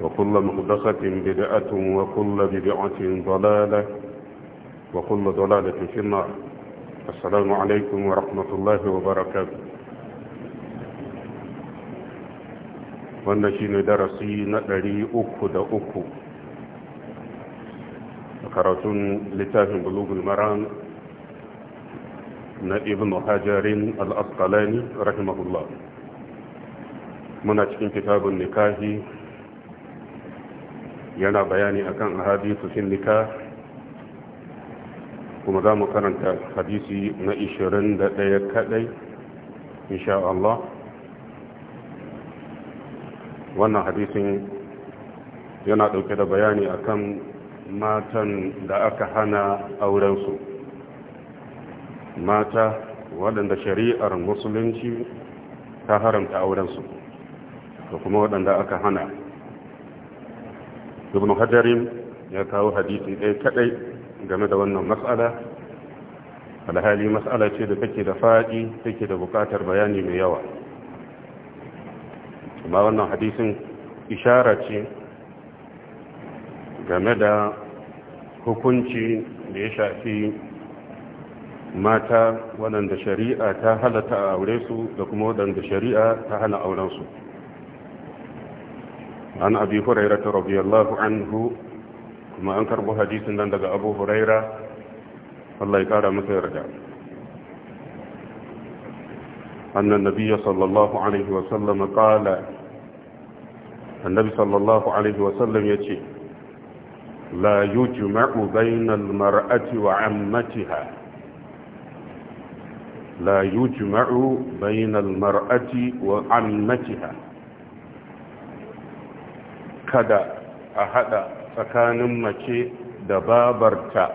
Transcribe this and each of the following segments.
وكل مهدسة بدعة وكل بدعة ضلالة وكل ضلالة في النار السلام عليكم ورحمة الله وبركاته ونشين درسين لري أكو دا أكو كراتون لتاهم بلوغ المران من ابن حجر الأسقلاني رحمه الله من أجل كتاب النكاهي yana bayani akan ahadisu fin nika kuma za mu karanta hadisi na 21 kadai insha Allah wannan hadisin yana dauke da bayani akan matan da aka hana aurensu mata waɗanda shari'ar musulunci ta haramta aurensu da kuma waɗanda aka hana ibn hajarin ya kawo hadisi ɗaya kaɗai game da wannan matsala alhali matsala ce da take da faɗi take da buƙatar bayani mai yawa amma wannan hadisin ishara ce game da hukunci da ya shafi mata waɗanda shari'a ta halatta a aure su da kuma waɗanda shari'a ta hana aurensu an abi huraira ta radiyallahu anhu kuma an karbo hadisin nan daga abu huraira Allah ya kara masa yarda أن النبي صلى الله عليه وسلم قال النبي صلى الله عليه وسلم يتي لا يجمع بين المرأة وعمتها لا يجمع بين المرأة وعمتها kada a hada tsakanin mace da babarta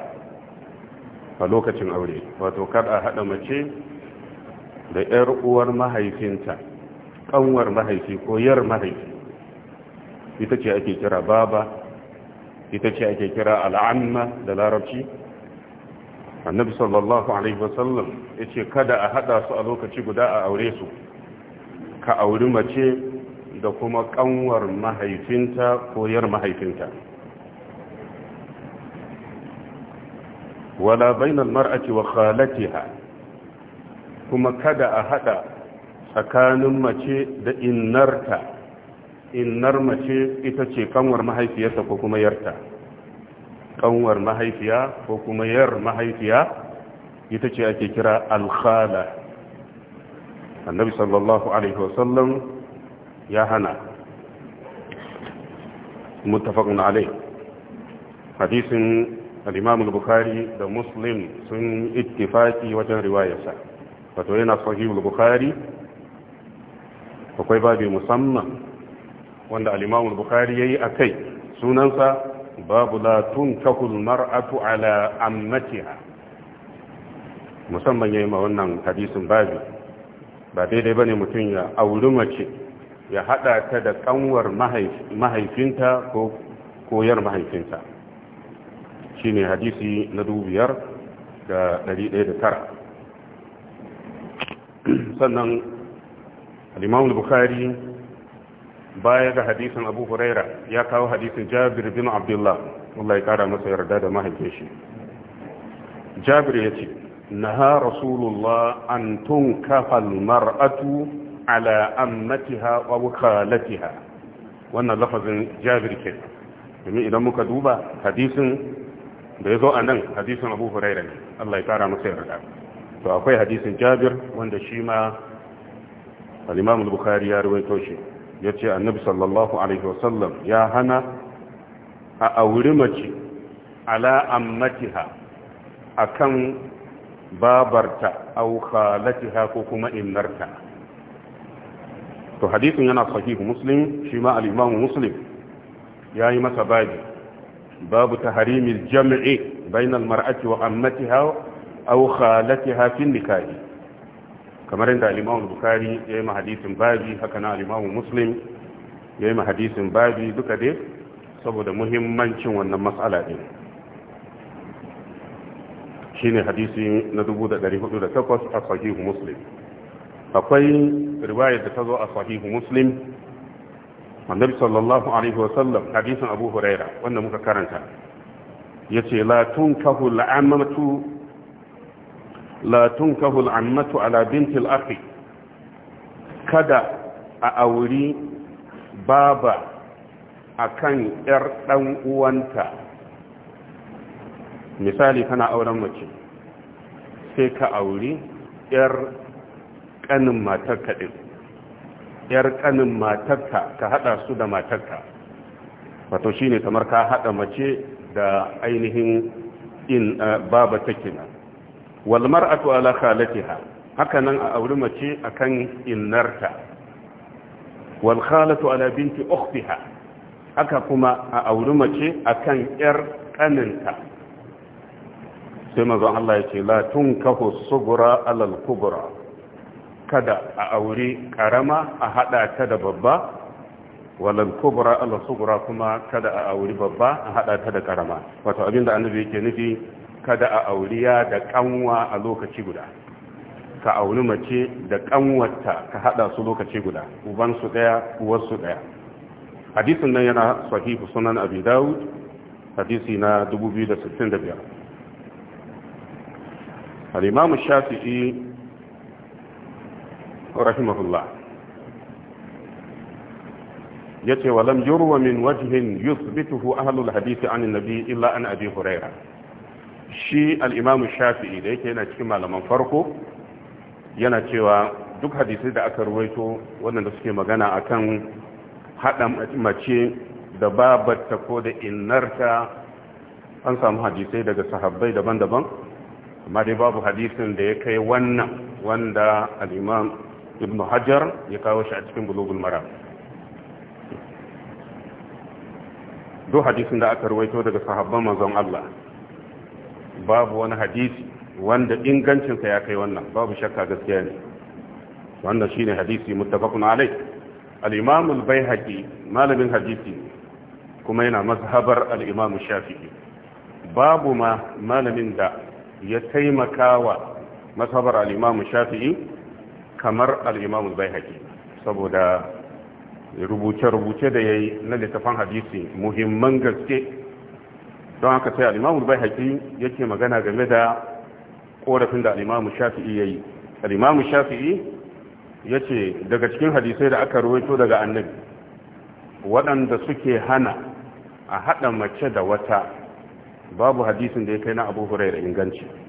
a lokacin aure wato kada a hada mace da yar uwar mahaifinta kanwar mahaifi ko yar mahaifi ita ce ake kira baba ita ce ake kira al'amma da larabci annabi sallallahu alaihi wasallam ya ce kada a hada su a lokaci guda a aure su ka auri mace da kuma kanwar mahaifinta ko yar mahaifinta wala bainal mar'ati wa khalatiha kuma kada a hada tsakanin mace da innarta innar mace ita ce kanwar mahaifiyarta ko kuma yarta kanwar mahaifiya ko kuma yar mahaifiya ita ce ake kira alkhala annabi sallallahu alaihi wasallam ya hana mutafakun alai hadisin al bukari da muslim sun ittifaki wajen riwayarsa wato yana sahih bukari bukhari akwai babu musamman wanda al bukari ya yi a kai sunansa babu latun tunkahu al-mar'atu ala ammatiha musamman ya yi ma wannan hadisin babu ba daidai ne mutum ya auri mace ya haɗa ta da ƙanwar mahaifinta ko koyar mahaifinta shi ne hadisi na dubiyar da ɗari tara sannan al'imamun bukari baya ga hadisin abu huraira ya kawo hadisin jabir bin abdullah wallahi ya masa yarda da mahaifin shi jabir ya ce na ha rasulullah an tun kafal mar'atu ala ammatiha wa khalatiha wannan lafazin jabir ke domin idan muka duba hadisin da ya zo a nan hadisin abu huraira ne Allah ya kara masa yarda to akwai hadisin jabir wanda shi ma al-imam al-bukhari ya rawaito shi yace annabi sallallahu alaihi wasallam ya hana a auri mace ala ammatiha akan babarta aw khalatiha ko kuma innarta to hadisin yana sahihu muslim shi ma al ya yi masa babi babu ta harimin jami bainal al-mar'ati wa ammatiha aw khalatiha fi nikahi kamar yadda al bukari ya yayi ma hadisin babi haka na al-imam ya yayi ma hadisin babi duka dai saboda muhimmancin wannan mas'ala Shi shine hadisi na 1408 a sahihu muslim akwai riwayar da ta zo a sahihu muslim annabi sallallahu alaihi wa sallam hadisin abu huraira wanda muka karanta yace la tun al'amatu la ala binti al kada a auri baba akan yar dan uwanta misali kana auren mace sai ka auri yar kanin matarka din yar kanin matarka ka haɗa su da matarka wato shine kamar ka haɗa mace da ainihin in baba take nan wal mar'atu haka nan a auri mace akan innarta walkhalatu khalatu ala binti ukhtiha haka kuma a auri mace akan yar kaninta sai mazan Allah ya ce la tunkahu sugura alal kubra kada a aure karama a hada ta da babba walal kubra ala sughra kuma kada a aure babba a hada ta da karama wato abinda annabi yake nufi kada a auriya da kanwa a lokaci guda ka auri mace da kanwarta ka hada su lokaci guda uban su daya uwar su daya hadisin nan yana sahihu sunan abi daud hadisi na 2065 al-imam shafi'i rahimahullah ce wa lam yurwa min wajhin yuthbituhu ahlul hadithi an annabi illa an abi huraira shi al-imam shafi'i da yake yana cikin malaman farko yana cewa duk hadisai da aka ruwaito wadanda suke magana akan hada mace da babata ko da innarta an samu hadisai daga sahabbai daban-daban amma dai babu hadisin da ya kai wannan wanda al'imam ibn hajar ya kawo shi a cikin bulugul mara duk hadisin da aka ruwaito daga sahabban manzon Allah babu wani hadisi wanda ingancinsa ya kai wannan babu shakka gaskiya ne wannan shine hadisi muttafaqun alai al-imam al-baihaqi malamin hadisi kuma yana mazhabar al-imam shafi'i babu ma malamin da ya taimakawa mazhabar al-imam shafi'i kamar al'imamu bai haƙi saboda rubuce-rubuce da ya yi na littafan hadisi muhimman gaske don haka sai al'imamu bai haƙi yake magana game da ƙorafin da al'imamu shafi'i ya yi al'imamu shafi'i ya ce daga cikin hadisai da aka ruwaito daga annabi waɗanda suke hana a haɗa mace da wata babu hadisin da ya kai na abu da inganci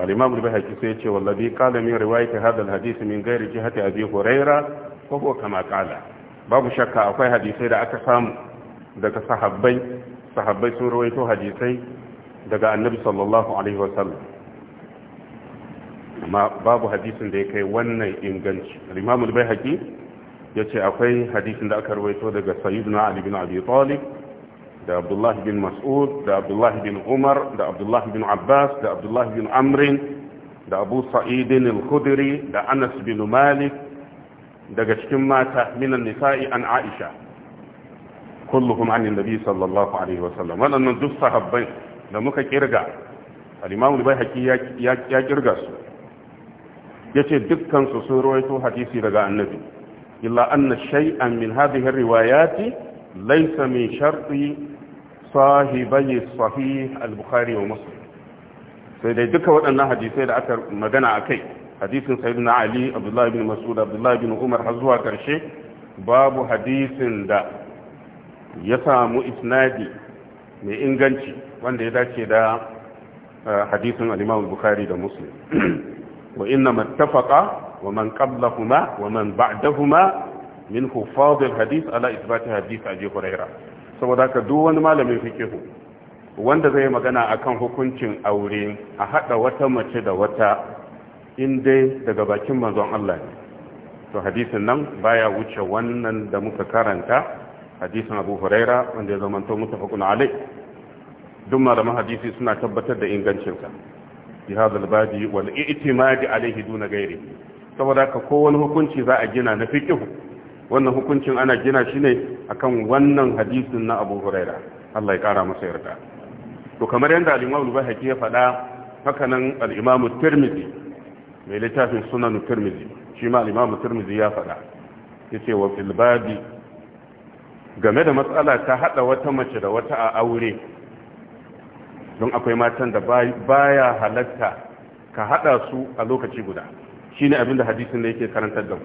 al-imam al-bahaqi sai yace wallahi qala min riwayati hadha al-hadith min ghairi jihati abi huraira ko ko kama babu shakka akwai hadisai da aka samu daga sahabbai sahabbai sun rawaito hadisai daga annabi sallallahu amma babu hadisin da ya kai wannan inganci al-imam al yace akwai hadisin da aka rawaito daga sayyidina ali bin abi da abdullahi bin mas'ud da abdullahi bin umar da abdullahi bin abbas da abdullahi bin amrin da abu sa'idin al-khudri da anas bin malik daga cikin mata minan nisa'i an aisha kulluhum an nabi sallallahu alaihi wasallam waɗannan duk sahabbai da muka kirga al-imam al ya kirga su yace dukkan su sun rawaito hadisi daga annabi illa anna shay'an min hadhihi riwayati laysa min sharti sahibai sahih al-bukhari wa muslim sai dai duka waɗannan hadisai da aka magana a kai hadisin sayyidina ali abdullahi bin mas'ud abdullahi bin umar har zuwa karshe babu hadisin da ya samu isnadi mai inganci wanda ya dace da eh, hadisin al-imam bukhari da muslim wa inna mattafaqa wa man qablahuma wa man ba'dahuma min huffaz hadith ala ithbat hadith abi hurairah saboda ka duk wani malamin fikihu wanda zai magana akan hukuncin aure a haɗa wata mace da wata in daga bakin manzon Allah ne to hadisin nan baya wuce wannan da muka karanta hadisin Abu Huraira wanda ya zama zamanto mutafaqun alai duk malaman hadisi suna tabbatar da ingancinsa bi hadal badi wal i'timadi alaihi duna ghairi saboda ka kowane hukunci za a gina na fikihu wannan hukuncin ana gina shi ne akan wannan hadisin na abu huraira Allah ya kara masa yarda to kamar yadda al-imamu al ya faɗa haka nan al mai littafin sunan tirmidhi shi ma al-imamu ya faɗa yace wa fil babi game da matsala ta haɗa wata mace da wata a aure don akwai matan da baya halatta ka haɗa su a lokaci guda shine abinda hadisin da yake karantar da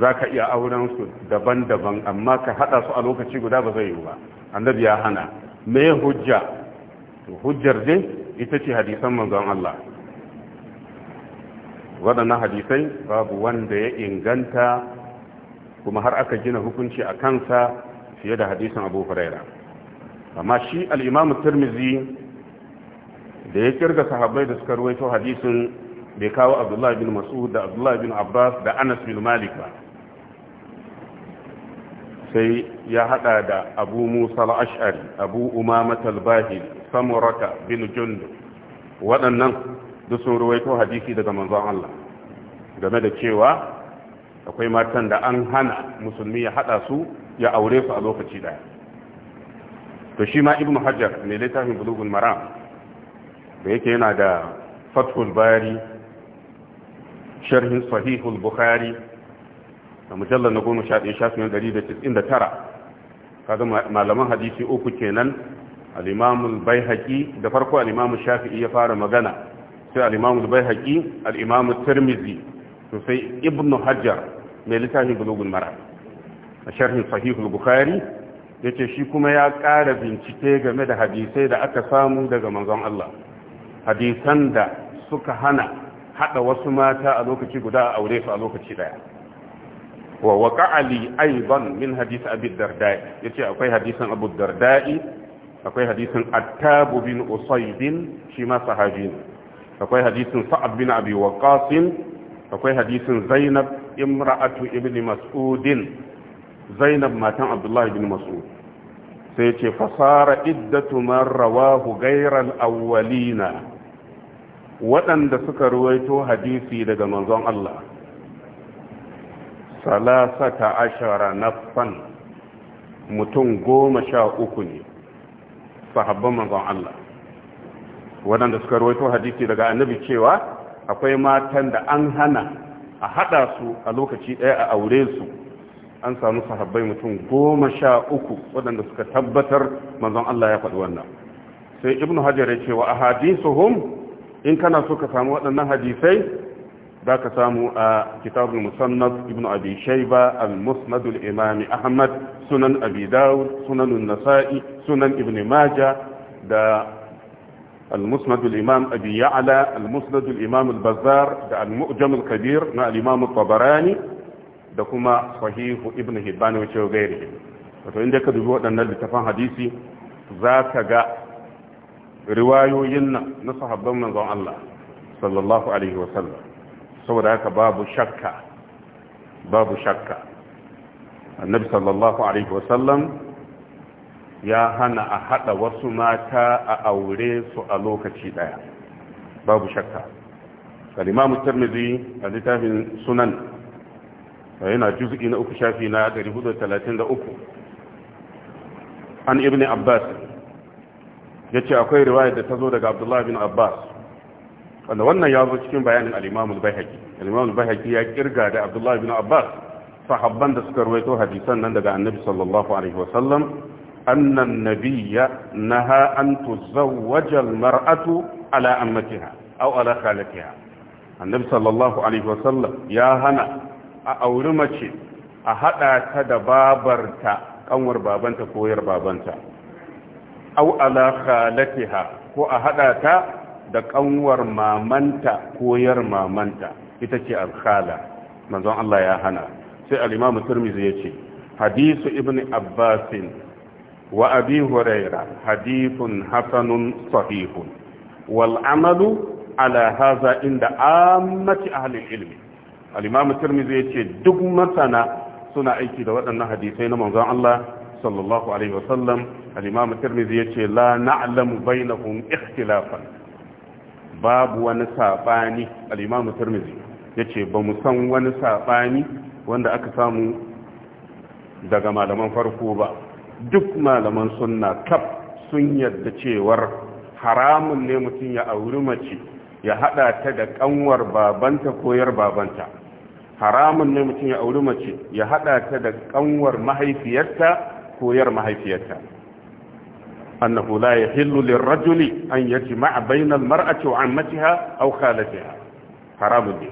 za ka iya auren su daban-daban amma ka haɗa su a lokaci guda ba zai yi ba annabi ya hana me hujja to hujjar dai ita ce hadisan manzon Allah waɗannan hadisai babu wanda ya inganta kuma har aka gina hukunci a kansa fiye da hadisan Abu Huraira amma shi al-Imam da ya kirga sahabbai da suka ruwaito hadisin bai kawo Abdullah bin Mas'ud da Abdullah bin Abbas da Anas bin Malik ba sai ya hada da abu musa al'ashari abu umamat al-bahil samurata bin jundu waɗannan duk sun ruwaito hadisi daga manzon Allah game da cewa akwai matan da an hana musulmi ya hada su ya aure su a lokaci daya to shi ma ibnu hajjar mai littafin bulugun maram da yake yana da fathul bari sharhin sahihul bukhari a mujallar na goma sha ɗaya shafin ɗari da tis'in da tara kaga malaman hadisi uku kenan al'imamul bai haƙi da farko al'imamul shafi'i ya fara magana sai al'imamul bai haƙi al'imamul tirmizi to sai ibnu hajjar mai littafin gulugun mara a sharhin sahihul bukhari ya ce shi kuma ya ƙara bincike game da hadisai da aka samu daga manzon Allah hadisan da suka hana haɗa wasu mata a lokaci guda a aure su a lokaci ɗaya wa waqa'a li aidan min hadith abi darda yace akwai hadisin abu darda akwai hadisin attab bin usayd shi sahabi akwai hadisin sa'ad bin abi waqas akwai hadisin zainab imra'atu ibn mas'ud zainab matan abdullahi bin mas'ud sai ce fasara iddatu man rawahu Auwalina waɗanda suka ruwaito hadisi daga manzon Allah salasata ashara nafsan mutum goma sha uku ne sahabban manzon Allah waɗanda suka rawaito hadisi daga annabi cewa akwai matan da an hana a haɗa su a lokaci ɗaya a aure su an samu sahabbai mutum goma sha uku waɗanda suka tabbatar manzon Allah ya faɗi wannan sai ibnu Hajjar ya ce wa ahadisuhum in kana so ka samu waɗannan hadisai za ka samu a kitabul musannaf ibn abi shayba al-musnad al-imam ahmad sunan abi dawud sunan an-nasa'i sunan ibn majah da imam Abi المسند الإمام أبي يعلى المسند الإمام البزار ده المؤجم الكبير مع الإمام الطبراني ده كما صحيح ابن هبان وغيره wato inda ka dubi waɗannan littafan hadisi za ka ga riwayoyin nan na sahabban manzon Allah sallallahu alaihi wa sallam. saboda haka babu shakka babu shakka annabi sallallahu alaihi wasallam ya hana a hada wasu mata a aure su a lokaci daya babu shakka kalimamu tirmidhi a littafin sunan yana juz'i na uku shafi na 433 an ibn abbas yace akwai riwaya da tazo daga abdullahi bin abbas wanda wannan ya zo cikin bayanin al-imamul bayhaqi al-imamul bayhaqi ya kirga da abdullahi bin abbas sahabban da suka rawaito hadisan nan daga annabi sallallahu alaihi wasallam anna an-nabiyya naha an tuzawwaja al-mar'atu ala ammatiha aw ala khalatiha annabi sallallahu alaihi wa sallam ya hana a auri mace a hada ta da babarta kanwar babanta koyar babanta aw ala khalatiha ko a hada ta da kanwar mamanta koyar mamanta ita ce alkhala manzon Allah ya hana sai al-imamu tirmidhi yace hadisu ibn abbas wa abi huraira hadithun hasanun sahihun wal amalu ala hadha inda ammati ahli al-ilm al-imamu yace duk masana suna aiki da waɗannan hadisai na manzon Allah sallallahu alaihi wasallam al-imamu tirmidhi yace la na'lamu bainahum ikhtilafan babu wani saɓani al'imamu turmizi ya ce ba mu san wani saɓani wanda aka samu daga malaman farko ba duk malaman sunna kaf sun yadda cewar haramun ne mutum ya auri mace ya haɗa ta da ƙanwar babanta koyar babanta haramun ne mutum ya auri mace ya haɗa ta da ƙanwar mahaifiyarta koyar mahaifiyarta annahu ya yahillu rajuli. an yajma'a bainal mar'ati wa ammatiha aw khalatiha haramun ne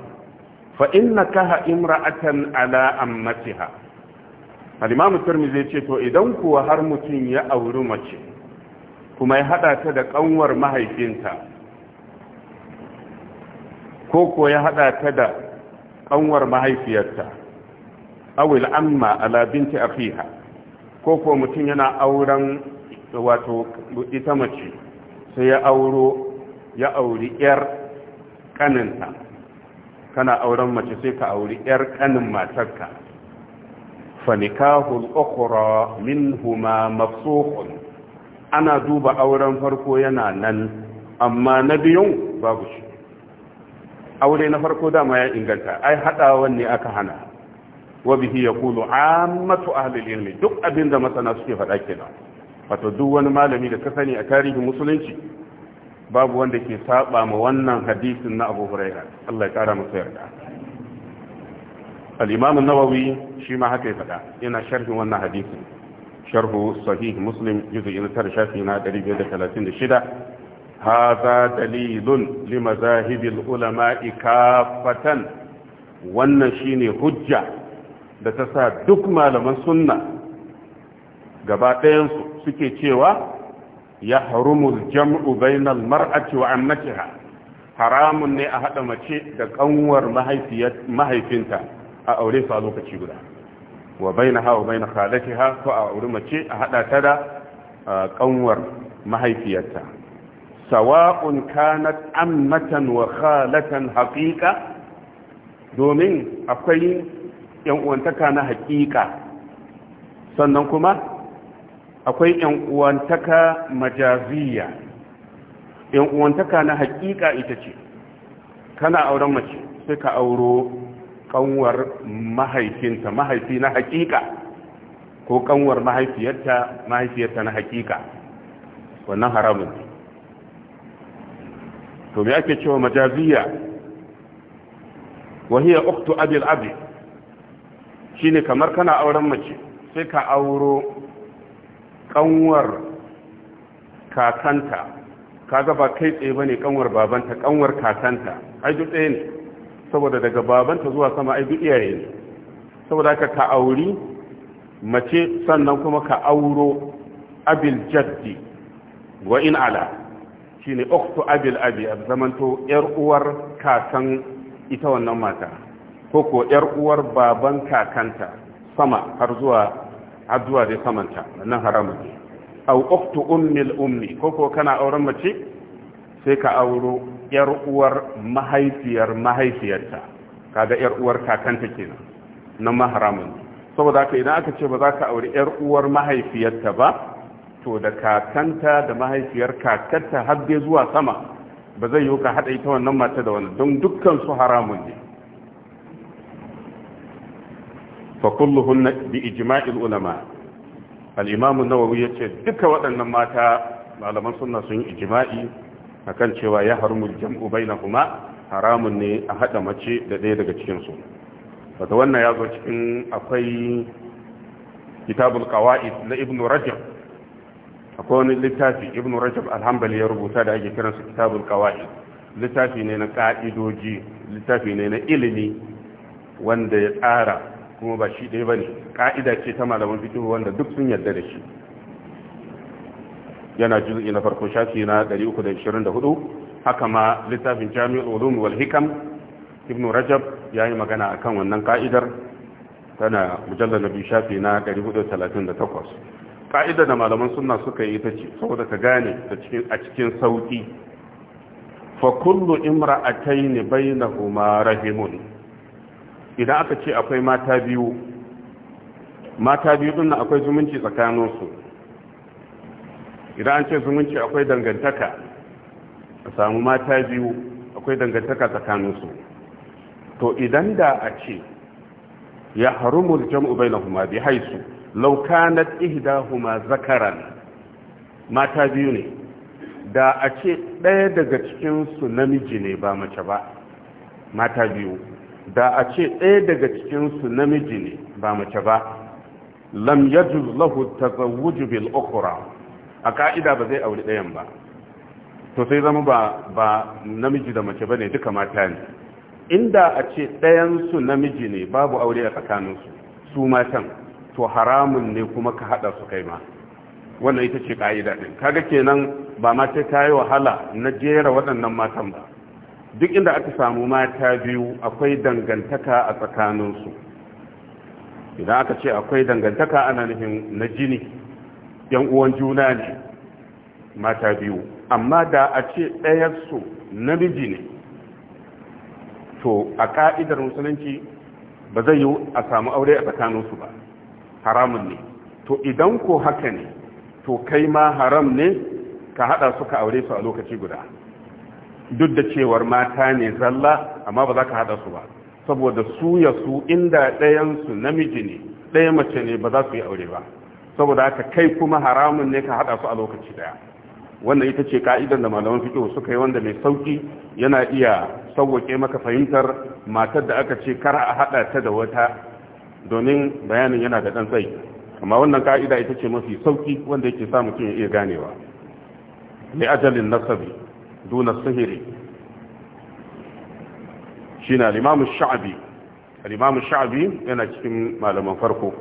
fa innaka imra'atan ala ammatiha al-imam tirmidhi ce to idan kuwa har mutum ya auri mace kuma ya hada ta da kanwar mahaifiyarta aw al-amma ala binti akhiha ko ko mutum yana auren wato ita mace sai ya auro ya auri yar kaninta kana auren mace sai ka auri yar kanin matarka fanikahul min huma mafsuhun ana duba auren farko yana nan amma na biyun babu shi aure na farko dama ya inganta ai haɗawan ne aka hana wa bihi yaqulu ammatu ahli ilmi duk abinda masana suke faɗa kenan wato duk wani malami da ka sani a tarihin musulunci babu wanda ke saba ma wannan hadisin na Abu Hurairah Allah ya kara masa yarda al-Imam an-Nawawi shi ma haka ya faɗa yana sharhin wannan hadisin sharhu sahih Muslim juz'i na 9 shafi na 536 هذا دليل لمذاهب العلماء كافة wannan shine hujja da ta sa duk malaman sunna gaba ɗayansu suke cewa ya harumul jam'u bainal mar'ati wa ammatiha haramun ne a haɗa mace da ƙanwar mahaifinta a aure su a lokaci guda wa bainaha wa bain khalatiha ko a aure mace a haɗa ta da ƙanwar mahaifiyarta sawa'un kanat ammatan wa khalatan haqiqa domin akwai yan uwantaka na haƙiƙa sannan kuma akwai yan uwantaka majaziya yan uwantaka na hakika ita ce kana auren mace sai ka auro kanwar mahaifinta mahaifi na hakika ko kanwar mahaifiyarta mahaifiyarta na hakika wannan haramun to me ake cewa majaziya wahiya uktu abil abi shine kamar kana auren mace sai ka auro kanwar kakanta kaga ba kai tsaye bane kanwar babanta kanwar kakanta ai duk ɗayan saboda daga babanta zuwa sama ai duk iyaye ne saboda haka ka auri mace sannan kuma ka auro abil jaddi wa in ala shine ukhtu abil abi zamanto yar uwar kakan ita wannan mata ko ko yar uwar baban kakanta sama har zuwa addu'a zuwa zai samanta wannan haramun ne au uktu ummil ummi ko ko kana auren mace sai ka auro yar uwar mahaifiyar mahaifiyarta kaga yar uwar kakanta kenan nan ma ne saboda haka idan aka ce ba za ka auri yar uwar mahaifiyarta ba to da kakanta da mahaifiyar kakanta har zuwa sama ba zai yiwu ka haɗa ita wannan mata da wannan don dukkan su haramun ne fa باجماع العلماء الامام ulama al nawa yace duka waɗannan mata malaman sunna sun yi ijma'i akan cewa ya harmu jam'u bainahuma haramun ne a hada mace da ɗaya daga cikin su wata wannan ya cikin akwai kitabul qawaid na Ibn rajab akwai wani littafi Ibn rajab alhambali ya rubuta da ake kiransa kitabul qawaid littafi ne na ka'idoji littafi ne na ilimi wanda ya tsara kuma ba shi ɗaya ba ne ƙa'ida ce ta malaman fikihu wanda duk sun yarda da shi yana juzu'i na farko shafi na 324 haka ma littafin jami'ul ulum wal ibn rajab ya yi magana akan wannan ka'idar tana mujallar nabi shafi na 438 ka'idar da malaman sunna suka yi ta ce saboda ka gane a cikin sauki fa kullu imra'atayn bainahuma rahimun idan aka ce akwai mata biyu mata biyu din akwai zumunci tsakaninsu idan an ce zumunci akwai dangantaka a samu mata biyu akwai dangantaka tsakaninsu to idan da a ce ya harumul jam'u bainahuma bi haisu law kanat ihdahuma zakaran mata biyu ne da a ce ɗaya daga cikinsu namiji ne ba mace ba mata biyu da a ce ɗaya daga cikinsu namiji ne ba mace ba lam yajuz lahu tazawwuju bil ukhra a ka'ida ba zai aure ɗayan ba to sai zama ba namiji da mace bane duka mata ne inda a ce ɗayan su namiji ne babu aure a tsakaninsu su matan to haramun ne kuma ka hada su kai ma wannan ita ce ka'ida din kaga kenan ba mata ta yi wahala na jera waɗannan matan ba duk inda aka samu mata biyu akwai dangantaka a tsakaninsu idan aka ce akwai dangantaka ana nufin na jini yan uwan juna ne mata biyu amma da a ce ɗayarsu namiji ne to a ƙa'idar musulunci ba zai yi a samu aure a tsakaninsu ba haramun ne to idan ko haka ne to kai ma haram ne ka haɗa suka aure su a lokaci guda duk da cewar mata ne zalla amma ba za ka haɗa su ba saboda su ya su inda ɗayansu namiji ne ɗaya mace ne ba za su yi aure ba saboda haka kai kuma haramun ne ka haɗa su a lokaci ɗaya wannan ita ce ka'idar da malaman fiƙo suka yi wanda mai sauƙi yana iya sauwaƙe maka fahimtar matar da aka ce kar a haɗa ta da wata domin bayanin yana da ɗan tsayi amma wannan ka'ida ita ce mafi sauƙi wanda yake sa mutum ya iya ganewa li ajalin nasabi duna sihiri shi na limamu sha'abi limamu sha'abi yana cikin malaman farko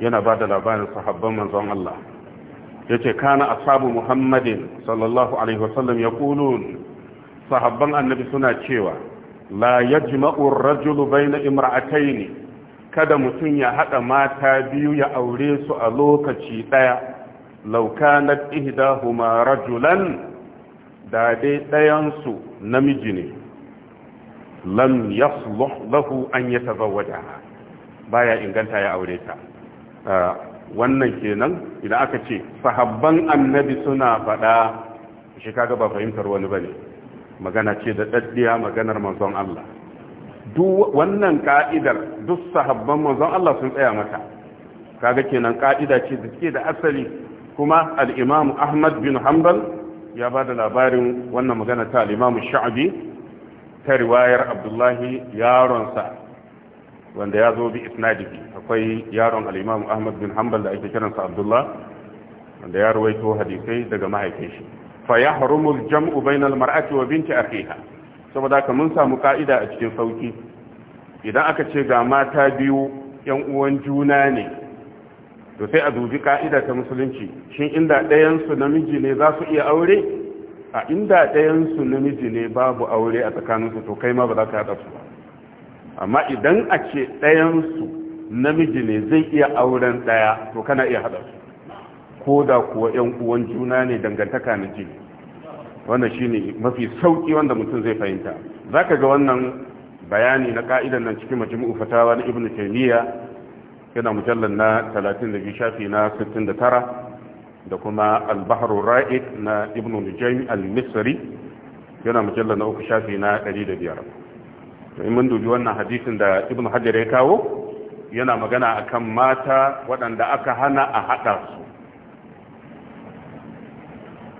yana ba da labarin sahabban manzon Allah ya ce kana ashabu muhammadin sallallahu alaihi wasallam ya kulun sahabban annabi suna cewa la yajma'u na rajulu bayna kada mutum ya haɗa mata biyu ya aure su a lokaci ɗaya law kanat ihdahuma rajulan da dai ɗayansu namiji ne lam yasluh lahu an yatazawwaja baya inganta ya aure ta ah, wannan kenan idan aka ce sahabban annabi suna faɗa shi kaga ba fahimtar wani bane magana ce da daddiya maganar manzon Allah duk wannan ka'idar duk sahabban manzon Allah sun tsaya mata kaga kenan ka'ida ce da take da asali kuma al-Imam Ahmad bin Hanbal ya ba da labarin wannan magana ta limamu sha'abi ta riwayar abdullahi yaronsa wanda ya zo bi isnadihi akwai yaron al'imamu ahmad bin hanbal da ake kiransa abdullah wanda ya rawaito hadisai daga mahaifin shi fa ya harumul jam'u bainal mar'ati wa binti akhiha saboda haka mun samu ka'ida a cikin sauki idan aka ce ga mata biyu yan uwan juna ne to sai a dubi ka'ida ta musulunci shin inda ɗayansu namiji ne za su iya aure a inda ɗayansu namiji ne babu aure a tsakaninsu to kai ma ba za ka haɗa su ba amma idan a ce ɗayansu namiji ne zai iya auren ɗaya to kana iya haɗa su ko da kuwa ƴan uwan juna ne dangantaka na jini wannan shi mafi sauƙi wanda mutum zai fahimta za ka ga wannan bayani na ka'idan nan cikin majmu'u fatawa na ibnu taymiya yana mujallar na 32 shafi na 69 da kuma albaharun ra'id na ibn nujayn al-misri yana mujallar na uku shafi na 105 to in mun dubi wannan hadisin da ibn hajjar ya kawo yana magana akan mata waɗanda aka hana a haɗa su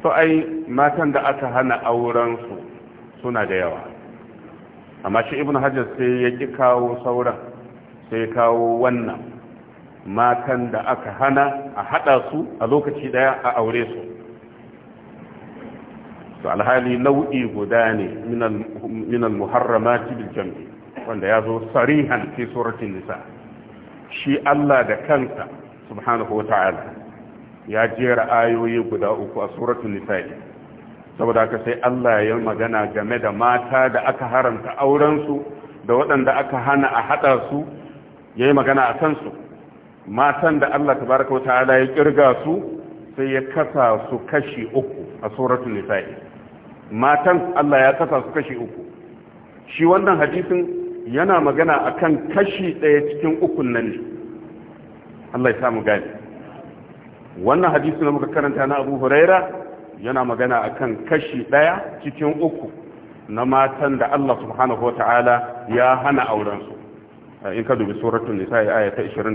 to ai matan da aka hana auren su suna da yawa amma shi ibn hajjar sai ya ƙi kawo sauran sai kawo wannan matan da aka hana a hada su a lokaci daya a aure su su alhali nau'i guda ne min al-muharramati bil jam'i wanda yazo sarihan fi suratul nisa shi Allah da kanta subhanahu wata'ala ya jera ayoyi guda uku a suratul nisa saboda haka sai Allah ya magana game da mata da aka haramta auren su da waɗanda aka hana a hada su yayi magana a kansu matan da Allah tabaraka wa ta'ala ya kirga su sai ya kasa su kashi uku a suratul nisa'i matan Allah ya kasa su kashi uku shi wannan hadisin yana magana akan kashi ɗaya cikin ukun nan ne Allah ya samu gani wannan hadisin da muka karanta na Abu Huraira yana magana akan kashi ɗaya cikin uku na matan da Allah subhanahu wa ta'ala ya hana aurensu in ka dubi suratul nisa'i aya ta 23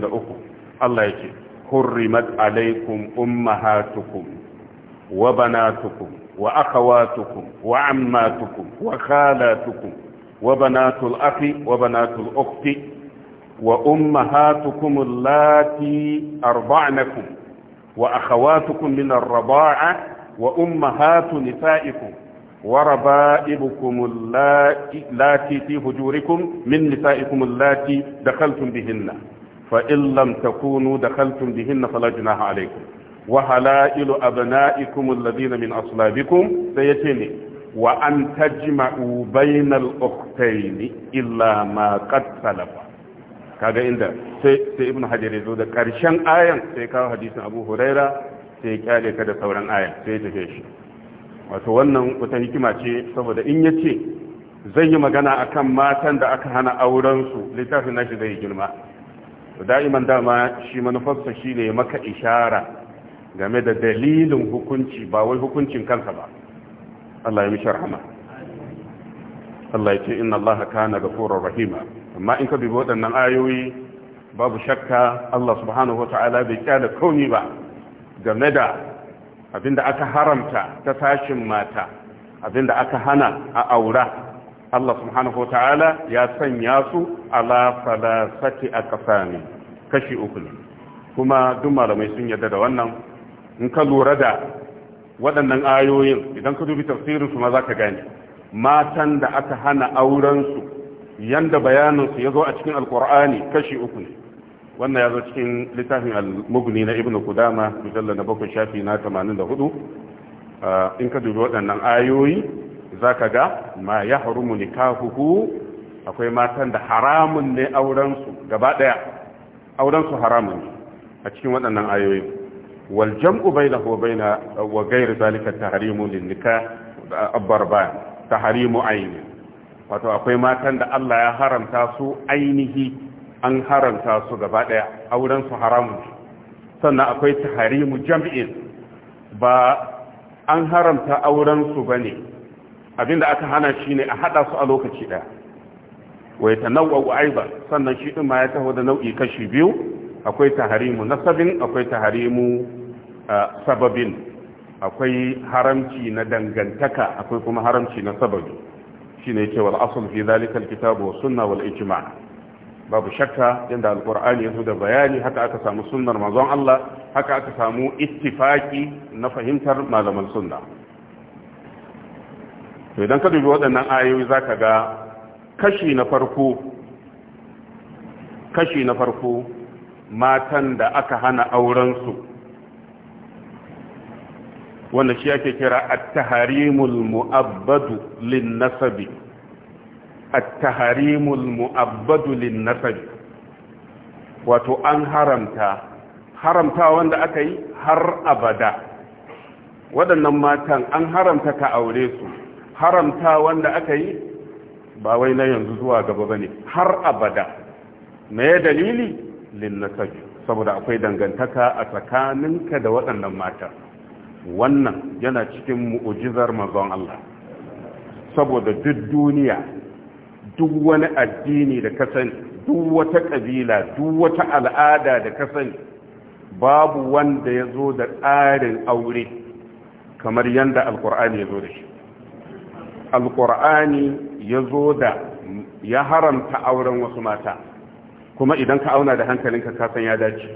الله يجي حرمت عليكم أمهاتكم وبناتكم وأخواتكم وعماتكم وخالاتكم وبنات الأخ وبنات الأخت وأمهاتكم اللاتي أرضعنكم وأخواتكم من الرضاعة وأمهات نسائكم وربائبكم اللاتي في هجوركم من نسائكم اللاتي دخلتم بهن fa in lam takunu dakhaltum bihinna fala junaha alaykum wa halailu abna'ikum alladhina min aslabikum sai yace ne wa an tajma'u bainal ukhtayn illa ma qad salafa kaga inda sai sai ibnu da karshen ayan sai kawo hadisin abu huraira sai kyale ka da sauran ayan sai tafe shi wato wannan watan hikima ce saboda in ya ce zai yi magana akan matan da aka hana aurensu su littafin nashi zai girma da'iman dama shi manufarsa shi ne maka ishara game da dalilin hukunci ba wai hukuncin kansa ba Allah ya mishi rahama Allah ya ce inna Allah kana ghafurur rahima amma in ka dubi waɗannan ayoyi babu shakka Allah subhanahu wata'ala bai kyale kauni ba game da abinda aka haramta ta sashin mata abinda aka hana a aura Allah subhanahu ta'ala ya sanya su ala falasati aqsami kashi uku ne kuma duk malamai sun yarda da wannan in ka lura da waɗannan ayoyin idan ka dubi tafsirin su ma ka gane matan da aka hana aurensu yanda bayaninsu ya zo a cikin Alƙur'ani kashi uku ne wannan zo cikin littafin al-mughni na ibnu Kudama mujallal na bakwai shafi na 84 ah, in ka dubi waɗannan ayoyi za ka ga ma ya harumu nikahuhu akwai matan da haramun ne aurensu gaba ɗaya aurensu haramun ne a cikin waɗannan ayoyi wal jam'u bainahu wa baina wa ghayr zalika tahrimu lin nikah abbar ba tahrimu ayni wato akwai matan da Allah ya haramta su ainihi an haramta su gaba ɗaya aurensu haramun sannan akwai tahrimu jam'in ba an haramta aurensu bane abinda aka hana shi ne a hada su a lokaci daya wai ta nau'a'u aiba sannan shi din ma ya taho da nau'i kashi biyu akwai taharimu nasabin akwai taharimu sababin akwai haramci na dangantaka akwai kuma haramci na sababi shine yake wal asl fi zalika kitabu kitab wa sunna wal ijma' babu shakka yadda alkur'ani ya zo da bayani haka aka samu sunnar manzon Allah haka aka samu ittifaki na fahimtar malaman sunna to idan ka dubi waɗannan ayoyi za ka ga kashi na farko kashi na farko matan da aka hana aurensu wanda shi ake kira at-taharimul mu'abbadu lin-nasabi at-taharimul mu'abbadu lin-nasabi wato an haramta haramta wanda aka yi har abada waɗannan matan an haramta ka aure su haramta wanda aka yi ba wai na yanzu zuwa gaba bane har abada me dalili lin nasabi saboda akwai dangantaka a tsakaninka da waɗannan mata wannan yana cikin mu'ujizar manzon Allah saboda duk duniya duk wani addini da ka duk wata kabila duk wata al'ada da ka babu wanda ya zo da tsarin aure kamar yadda alkur'ani ya zo da shi alkur'ani ya zo da ya haramta auren wasu mata kuma idan ka auna da hankalinka kasan ya dace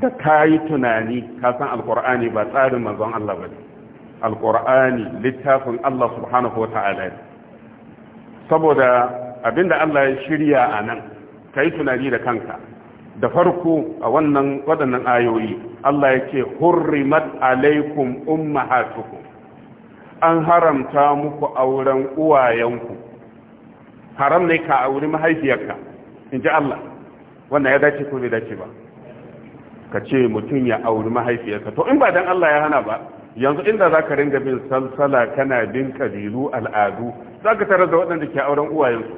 da ka yi tunani kasan alkur'ani ba tsarin manzon Allah ba ne alkur'ani littafin Allah subhanahu wa ta'ala saboda abinda Allah ya shirya a nan ka yi tunani da kanka da farko a wannan waɗannan ayoyi Allah ya ce hurrimat alaikum ummahatukum an haramta muku auren uwayenku haram ne ka auri mahaifiyarka in ji Allah wannan ya dace ko bai dace ba ka ce mutum ya auri mahaifiyarka to in ba dan Allah ya hana ba yanzu inda za ka ringa bin salsala kana bin kabilu al'adu za ka tarar da waɗanda ke auren uwayensu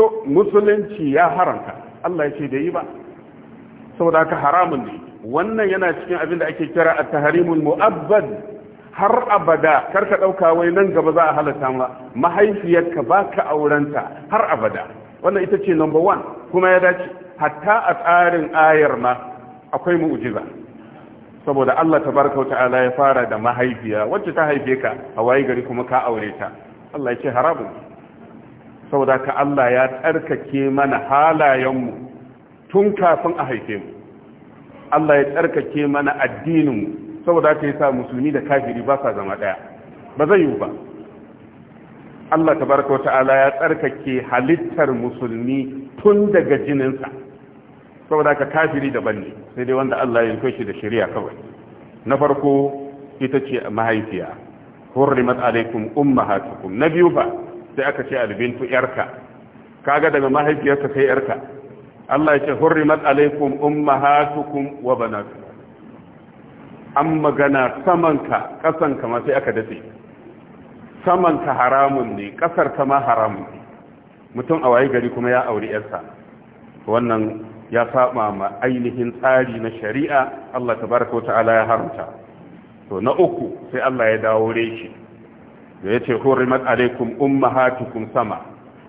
to musulunci ya haramta Allah ya ce da yi ba saboda haka haramun ne wannan yana cikin abin da ake kira a taharimul mu'abbad har abada kar ka ɗauka wai nan gaba za a halatta ma mahaifiyarka ba ka aurenta har abada wannan ita ce number one kuma ya dace hatta a tsarin ayar ma akwai mu'jiza saboda Allah tabaraka ta'ala ya fara da mahaifiya wacce ta haife ka a waye gari kuma ka aure ta Allah ya ce harabu. saboda ka Allah ya tsarkake mana halayenmu tun kafin a haife mu Allah ya tsarkake mana addinin mu saboda ta sa musulmi da kafiri ba sa zama daya ba zai yiwu ba Allah tabaraka ta'ala ya tsarkake halittar musulmi tun daga jininsa saboda ka kafiri daban ne sai dai wanda Allah ya yi shi da shari'a kawai na farko ita ce mahaifiya hurrimat alaikum ummahatukum na biyu fa sai aka ce albintu yarka kaga daga mahaifiyarka kai yarka Allah ya ce hurrimat alaikum ummahatukum wa banatukum an magana samanka ƙasanka ma sai aka dace samanka haramun ne ta ma haramun ne mutum a waye gari kuma ya auri yarsa wannan ya saba ma ainihin tsari na shari'a Allah tabaraka wa ta'ala ya haramta to na uku sai Allah ya dawo reshi da yace hurrimat alaikum ummahatukum sama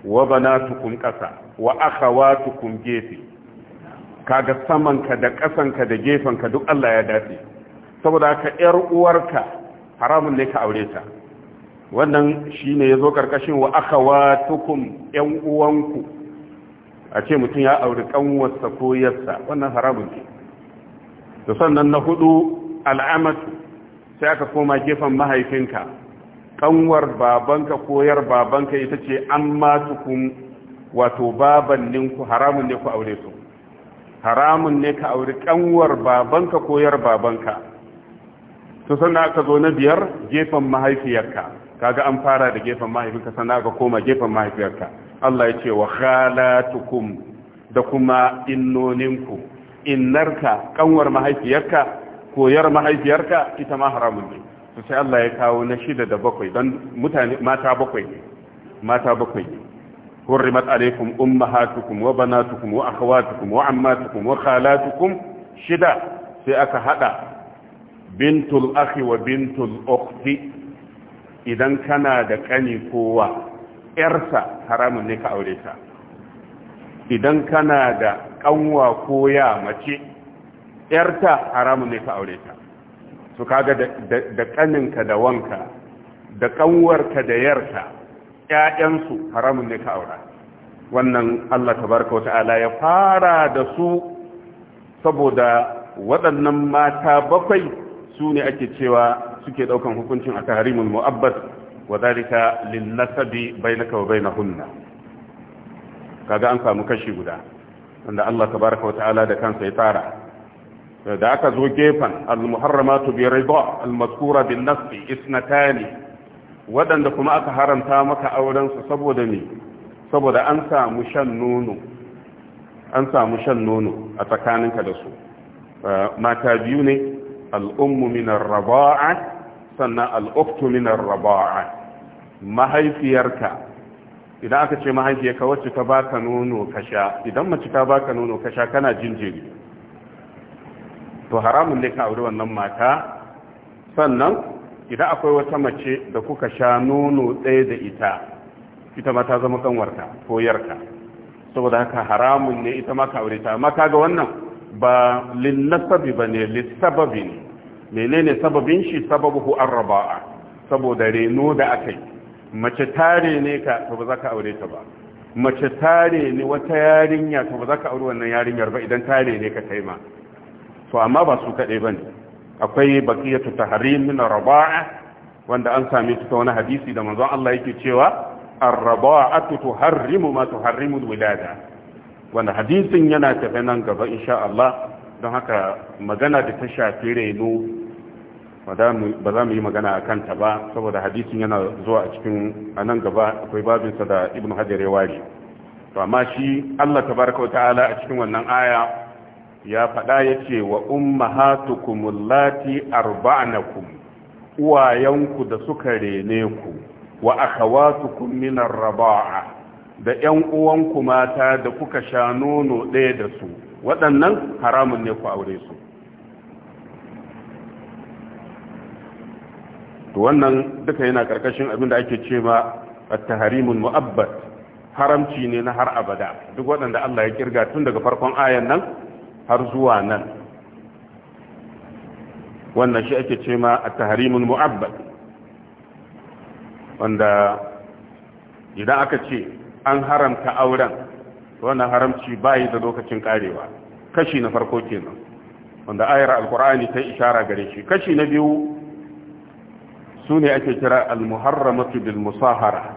wa banatukum qasa wa akhawatukum gefe kaga samanka da kasanka da gefenka duk Allah ya dace saboda ka yar uwarka haramun ne ka aure ta wannan shine yazo karkashin wa akhawatukum yan uwanku a ce mutum ya auri ƙanwarsa ko yarsa wannan haramun ne to sannan na hudu al'amatu sai aka koma gefen mahaifinka ƙanwar babanka ko yar babanka ita ce an tukun wato babanninku haramun ne ku aure su haramun ne ka auri kanwar babanka ko yar babanka to sannan aka zo na biyar gefen mahaifiyarka kaga an fara da gefen mahaifinka sannan aka koma gefen mahaifiyarka Allah ya ce wa khalatukum da kuma innoninku innarka kanwar mahaifiyarka koyar mahaifiyarka ita ma haramun ne to sai Allah ya kawo na shida da bakwai don mutane mata bakwai ne mata bakwai ne hurrimat alaikum ummahatukum wa banatukum wa akhawatukum wa ammatukum wa khalatukum shida sai aka hada bintul akhi wa bintul ukhti idan kana da kani kowa yarsa haramun ne ka aure ta idan kana da kanwa ko ya mace yarta haramun ne ka aure ta su kaga da kaninka da wanka da kanwarka da yarta ƴaƴansu haramun ne ka aura wannan Allah tabaraka wata'ala ya fara da su saboda waɗannan mata bakwai su ne ake cewa suke daukan hukuncin a tahrimul mu'abbad wa zalika lin nasabi bainaka wa bainahunna kaga an samu kashi guda wanda Allah tabaraka wa ta'ala da kansa ya tsara da aka zo gefen al-muharramatu bi rida al-mazkura bin nasbi isnatani wadanda kuma aka haramta maka auren su saboda ne saboda an samu shan nono an samu shan nono a tsakaninka da su mata biyu ne al'ummu minar raba'a sannan al'uktu minar raba'a mahaifiyarka idan aka ce mahaifiyarka wacce ta ka nono ka sha idan mace ta ka nono ka sha kana jinjiri to haramun ne ka auri wannan mata sannan idan akwai wata mace da kuka sha nono ɗaya da ita ita ma ta zama kanwarka ko yarka saboda haka haramun ne ita ma ka aure ta amma ga wannan ba lin nasabi bane lissababi ne menene sababin shi sababu arraba'a saboda reno da yi. mace tare ne ka to ba za ka aure ta ba mace tare ne wata yarinya to ba za ka aure wannan yarinyar ba idan tare ne ka kai ma to amma ba su kaɗai ba ne akwai baƙiyatu tahrim min raba'a wanda an same su ta wani hadisi da manzon Allah yake cewa ar-raba'atu tuharrimu ma tuharrimu al-wilada wanda hadisin yana tafe nan gaba insha Allah don haka magana da ta shafi reno ba za mu yi magana a kanta ba saboda hadisin yana zuwa a cikin a nan gaba akwai babinsa da ibn hajar ya ware to amma shi allah Ta tabaraka ta'ala a cikin wannan aya ya faɗa ya ce wa ummahatukum allati arba'nakum uwayenku da suka rene ku wa akhawatukum min arba'a da ƴan uwanku mata da kuka sha nono ɗaya da su waɗannan haramun ne ku aure su to wannan duka yana karkashin abin da ake ce ma at-tahrimul mu'abbad haramci ne na har abada duk waɗanda Allah ya kirga tun daga farkon ayan nan har zuwa nan wannan shi ake ce ma at-tahrimul mu'abbad wanda idan aka ce an haramta auren wannan haramci bai da lokacin karewa kashi na farko kenan wanda ayar alkur'ani ta ishara gare shi kashi na biyu su ne ake kira al-muharramatu bil musahara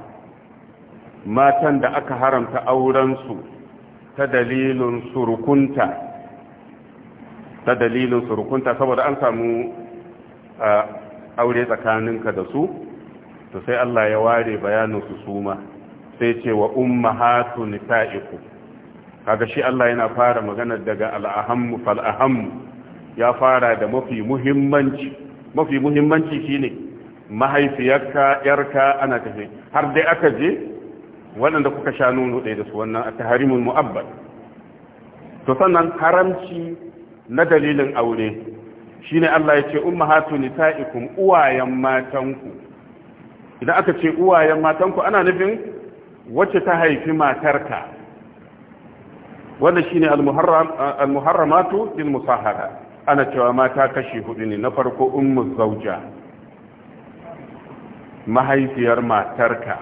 matan da aka haramta aurensu ta dalilin surukunta ta dalilin surukunta saboda an samu aure tsakaninka da su to sai Allah ya ware bayanin su suma sai ce wa ummahatu nisa'iku kaga shi Allah yana fara magana daga al-ahammu fal-ahammu ya fara da mafi muhimmanci mafi muhimmanci shine mahaifiyarka yarka ana tafi har dai aka je waɗanda kuka sha nono ɗaya da su wannan a mu'abbad to sannan haramci na dalilin aure shine Allah ya ce nisaikum uwayen matanku idan aka ce uwayen matanku ana nufin wacce ta haifi matarka wannan shine al-muharram al-muharramatu lil musahara ana cewa mata kashi hudu ne na farko ummu zawja mahaifiyar matarka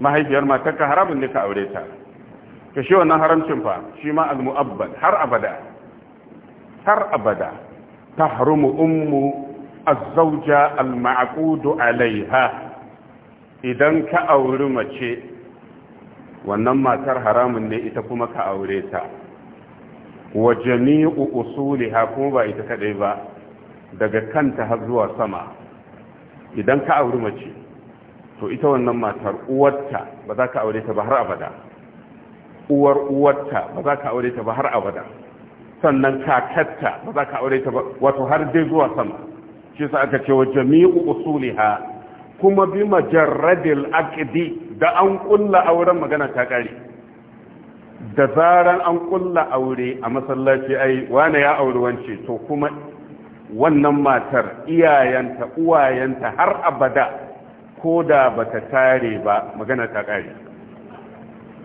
mahaifiyar matarka haramun ne ka aure ta ka shi wannan haramcin fa shi ma al-mu'abbad har abada har abada tahrumu ummu az-zawja al-ma'qudu alaiha idan ka auri mace wannan matar haramun ne ita kuma ka aure ta wa jami'u usuliha kuma ba ita kadai ba daga kanta har zuwa sama idan ka auri mace to ita wannan matar uwarta ba za ka aure ta ba har abada uwar uwarta ba za ka aure ta ba har abada sannan kakarta ba za ka aure ta ba wato har dai zuwa sama shi sa aka ce wa jami'u usuliha kuma bi majarradil aqdi da an kulla auren magana ta kare da zaran an kulla aure a masallaci ai wane ya auri wance to kuma wannan matar iyayenta uwayenta har abada ko da ba ta tare ba magana ta ƙare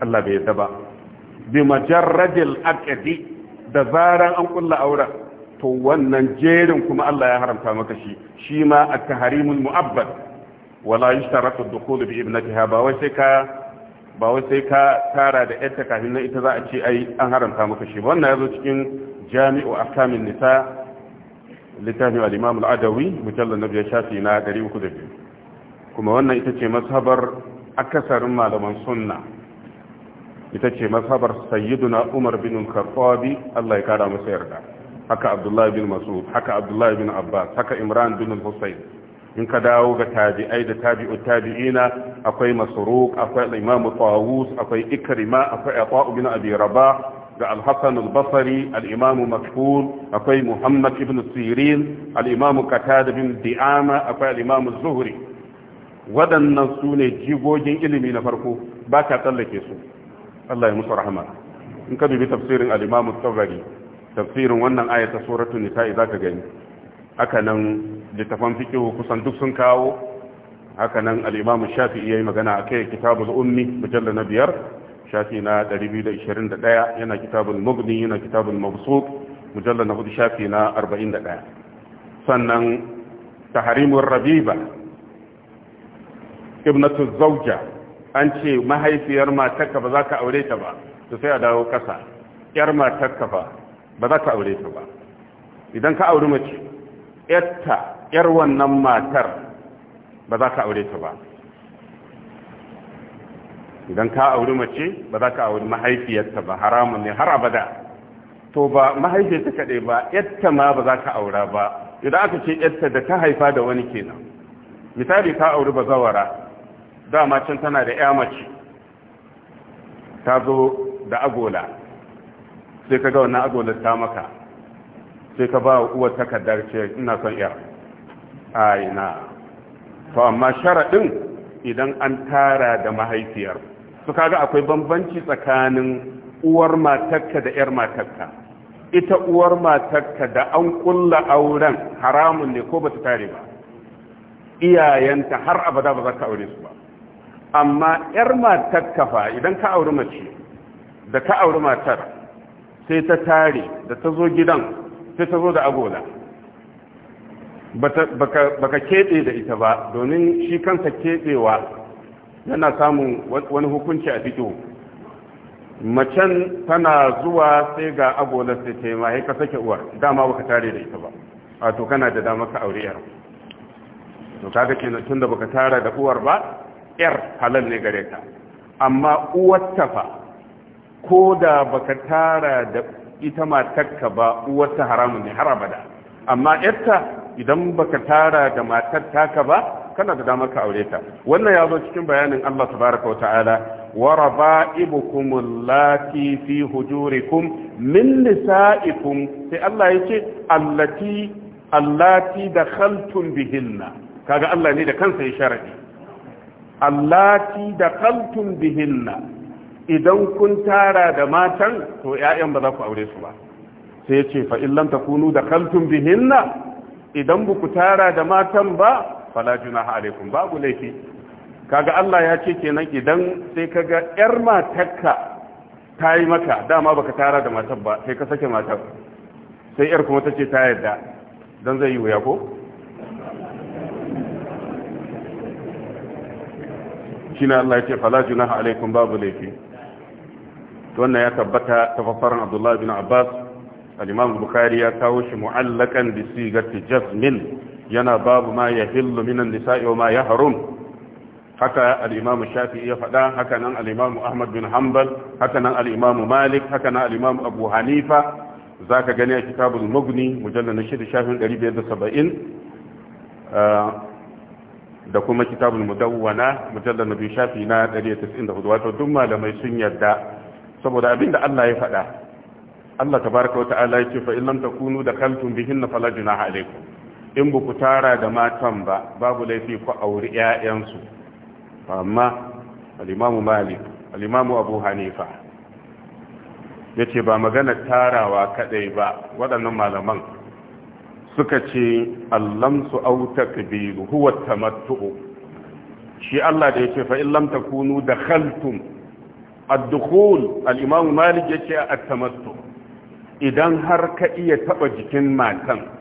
Allah bai yadda ba bi majarrajil akadi. da zaran an kulla aura. to wannan jerin kuma Allah ya haramta maka shi shi ma a tahrimul mu'abbad wala yushtaratu ad-dukhul bi ba wai sai ka ba wai sai ka tara da yarta kafin nan ita za a ce ai an haramta maka shi wannan yazo cikin jami'u ahkamin nisa littafin al-imam al-adawi mujallal na biyar shafi na 302 kuma wannan ita ce mazhabar akasarin malaman sunna ita ce mazhabar sayyiduna umar bin al Allah ya kara masa yarda haka abdullahi bin mas'ud haka abdullahi bin abbas haka imran bin husayn in ka dawo ga tabi'ai da tabi'u tabi'ina akwai masruq akwai imam tawus akwai ikrima akwai ata'u bin abi rabah da al-Hasan al-Basri akwai Muhammad ibn Sirin al kata da bin Di'ama akwai al Zuhri waɗannan su ne jigogin ilimi na farko ba ka tsallake su Allah ya musu rahama in ka dubi tafsirin al-Imam tafsirin wannan ayata suratul za zaka gani haka nan littafan kusan duk sun kawo haka nan al-Imam Shafi'i yayi magana akai kitabu ummi mujallar na biyar shafi na 221 yana kitabul mugni yana kitabul mabsuq mujallal na hudu shafi na 41 sannan tahrimur rabiba ibnatu zawja an ce mahaifiyar matarka ba za ka aure ta ba to a dawo ƙasa yar matarka ba ba za ka aure ta ba idan ka auri mace yarta yar wannan matar ba za ka aure ta ba idan ka auri mace ba za ka auri mahaifiyarta ba haramun ne har abada to ba mahaifiyarta kaɗai ba yatta ma ba za ka aura ba idan aka ce yatta da ta haifa da wani kenan misali ka auri bazawara dama can tana da ya mace ta zo da agola sai ka ga wannan agolar ta maka sai ka ba uwar takardar ce ina son ya a ina to amma sharaɗin idan an tara da mahaifiyar su kaga akwai bambanci tsakanin uwar matarka da yar matarka ita uwar matarka da an kulla auren haramun ne ko ba su tare ba iyayenta har abada ba za ka aure su ba amma yar matarka fa idan ka auri mace da ka auri matar sai ta tare da ta zo gidan sai ta zo da agola baka keɓe da ita ba domin shi kansa keɓewa yana samun wani hukunci a fito macen tana zuwa sai ga agola sai ta yi mahe ka sake uwar dama baka tare da ita ba A to kana da dama ka aure yar to kaga kenan tunda baka tara da uwar ba yar halal ne gare ta amma uwar ta fa ko da baka tara da ita matarka ba uwar ta haramun ne har abada amma yarta idan baka tara da matar taka ba kana da damar ka aure ta wannan ya zo cikin bayanin Allah tabaraka wata'ala ta'ala wa raba'ibukum allati fi hujurikum min nisa'ikum sai Allah yace allati allati dakhaltum bihinna kaga Allah ne da kansa ya sharadi allati dakhaltum bihinna idan kun tara da matan to ƴaƴan ba za ku aure su ba sai yace fa illam takunu dakhaltum bihinna idan ba ku tara da matan ba fala ha alaikum babu laifi kaga Allah ya ce kenan idan sai kaga yar matarka ta yi maka dama baka tara da matar ba sai ka sake matar sai yar kuma ta ce ta yarda dan zai yi wuya ko shine Allah ya ce fala ha alaikum babu laifi to wannan ya tabbata tafaffaran Abdullah bin Abbas al-Imam Bukhari ya kawo shi mu'allakan bi sigati jazmin yana babu ma ya hillu minan nisa'i wa ma ya harun haka al'imamu shafi ya faɗa haka nan al'imamu ahmad bin hanbal haka nan al'imamu malik haka nan al'imamu abu hanifa za ka gani a kitabun mugni mujallar na shida shafin 570 uh, da kuma kitabul mudawwana mujallar na biyu shafi na 194 wato duk malamai sun yarda saboda abinda Allah ya faɗa Allah ta tabaraka wata ta'ala ya ce fa in lam takunu dakaltum bihinna na junaha alaykum in ba ku tara da matan ba babu laifi ku auri 'ya'yansu amma alimamu malik alimamu abu hanifa ya ce ba magana tarawa kadai ba waɗannan malaman suka ce allamsu Auta Kabiru, huwa tamattu shi Allah da ya fa in lam takunu dakhaltum ad-dukhul al-imam malik yace a tamattu idan har ka iya taɓa jikin matan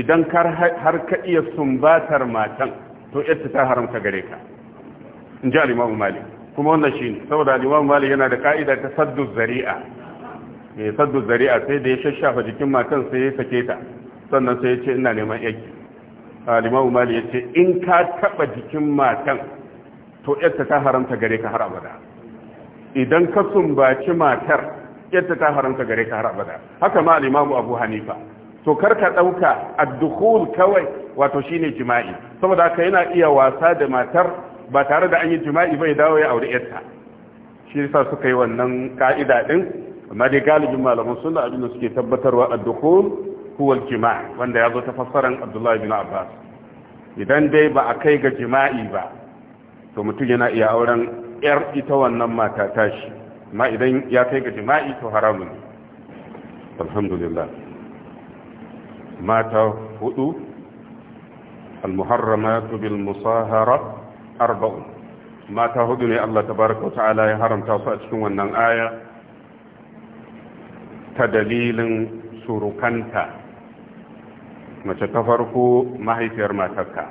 idan har ka iya sumbatar matan to yadda ta haramta gare ka in ji alimamu malik kuma wannan shi ne saboda alimamu malik yana da ka'ida ta saddu zari'a mai eh, saddu zari'a sai da ya shashafa jikin matan sai ya sake ta sannan sai ya ce ina neman yaki alimamu malik ya ce in ka taba jikin matan to yadda ta haramta gare ka har abada idan ka sumbaci matar yadda ta haramta gare ka har abada haka ma alimamu abu hanifa to karka ɗauka addukhul kawai wato shine jima'i saboda haka yana iya wasa da matar ba tare da an yi jima'i bai dawo ya aure yarta shi yasa suka yi wannan ka'ida din amma dai galibin malaman sunna abin suke tabbatarwa addukhul huwa jima wanda ya zo ta Abdullahi bin Abbas idan dai ba a kai ga jima'i ba to mutum yana iya auren yar ita wannan mata tashi amma idan ya kai ga jima'i to haramun alhamdulillah mata hudu almuharramatu bil musahara arba'u. mata hudu ne Allah tabaraka ta'ala ya haramta su a cikin wannan aya ta dalilin surukanta mace ta farko mahaifiyar matarka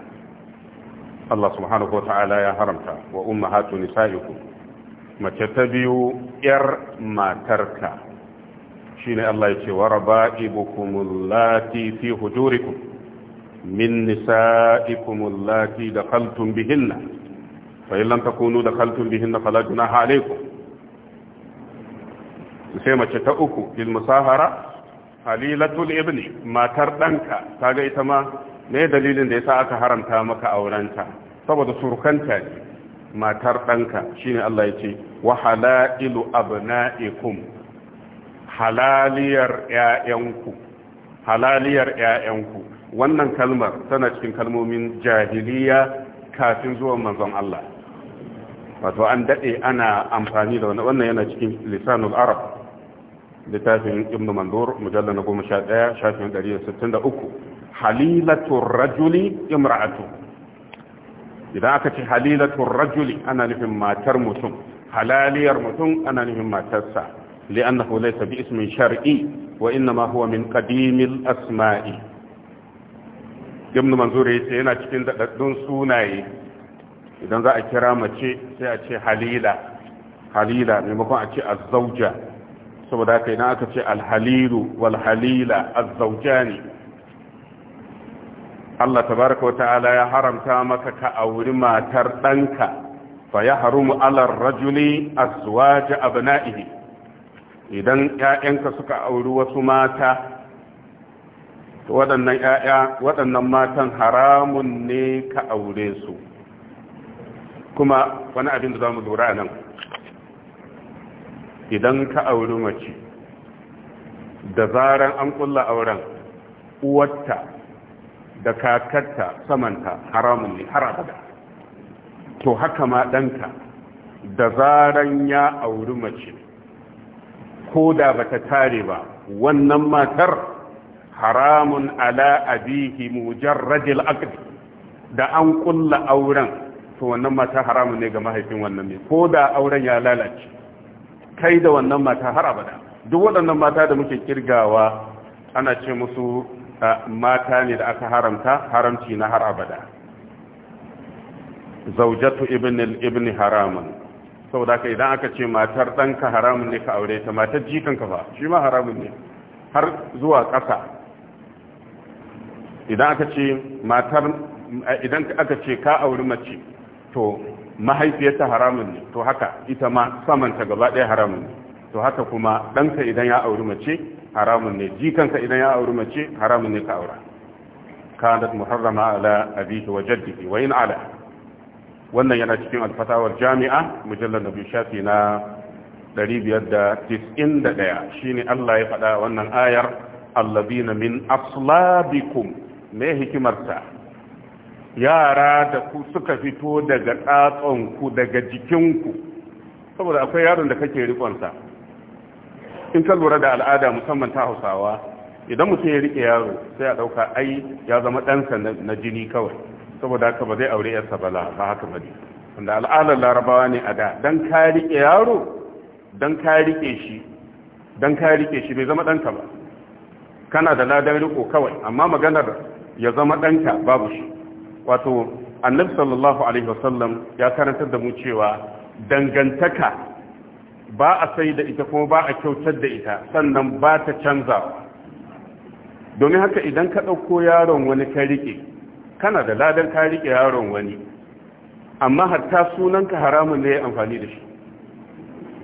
Allah subhanahu ta'ala ya haramta wa ummahatu nisa'ikum mace ta biyu yar matarka shine Allah ya ce wa raba'ibukum allati fi hujurikum min nisa'ikum allati dakhaltum bihinna fa in lam takunu dakhaltum bihinna fala junaha alaykum sai mace ta uku bil musahara halilatul ibni matar danka kaga ita ma ne dalilin da yasa aka haramta maka aurenta saboda surukanta ne matar danka shine Allah ya ce wa halailu abna'ikum halaliyar ‘ya'yanku halaliyar ‘ya'yanku wannan kalmar tana cikin kalmomin jahiliya kafin zuwan manzon Allah wato an daɗe ana amfani da wannan yana cikin lisanul arab littafin ibn mandur mujalla na goma sha ɗaya shafin ɗari da sittin da uku halilatun rajuli imra'atu idan aka ce halilatun rajuli ana nufin matar mutum halaliyar mutum ana nufin matarsa لأنه ليس باسم شرعي وإنما هو من قديم الأسماء ابن منظور يتينا تكين دون سوناي إذا ذا أكرامة سيأتي حليلة حليلة ممكن أتي الزوجة saboda haka idan aka ce alhalilu walhalila ne. Allah tabaraka wata'ala ya haramta maka ka auri matar ɗanka fa ya harumu alar a azwaja idan ‘ya'yanka suka auri wasu mata waɗannan ‘ya'ya waɗannan matan haramun ne ka aure su kuma wani abin da za mu lura nan idan ka auri mace da zaren an ƙulla auren uwarta da kakarta samanta haramun ne har abada to haka ma ɗanka da zaren ya auri mace ko da ba ta tare ba wannan matar haramun ala abihi mujarradil aqd da an kulla auren to wannan mata haramun ne ga mahaifin wannan ne ko da auren ya lalace kai da wannan mata har abada duk waɗannan mata da muke kirgawa ana ce musu mata ne da aka haramta haramci na har abada zaujatu ibn ibn haramun saboda ka idan aka ce matar ɗanka haramun ne ka aure ta matar jikanka ba shi ma haramun ne har zuwa ƙasa idan aka ce matar idan aka ce ka auri mace to mahaifiyarta haramun ne to haka ita ma samanta gaba ɗaya haramun ne to haka kuma ɗanka idan ya auri mace haramun ne jikanka idan ya auri mace haramun ne ka aura kanat muharrama ala abihi wa jaddihi wa in ala wannan yana cikin alfatawar jami'a mujallar da shafi na 591 ne Allah ya faɗa wannan ayar allazina min aslabikum me hikimarta yara da ku suka fito daga tsatsonku daga jikinku saboda akwai yaron da kake rikonsa in ka lura da al'ada musamman ta hausawa idan mutum ya rike yaro sai a ɗauka ai ya zama ɗansa na jini kawai saboda haka ba zai aure yarsa ba ba haka ba ne wanda al'adar larabawa ne a da don ka rike yaro don ka rike shi don ka rike shi bai zama ɗanka ba kana da ladan riko kawai amma maganar ya zama ɗanka babu shi wato annabi sallallahu alaihi wasallam ya karantar da mu cewa dangantaka ba a sai da ita kuma ba a kyautar da ita sannan ba ta canza domin haka idan ka ɗauko yaron wani ka rike kana da ladan ka rike yaron wani amma hatta sunanka haramun ne ya amfani da shi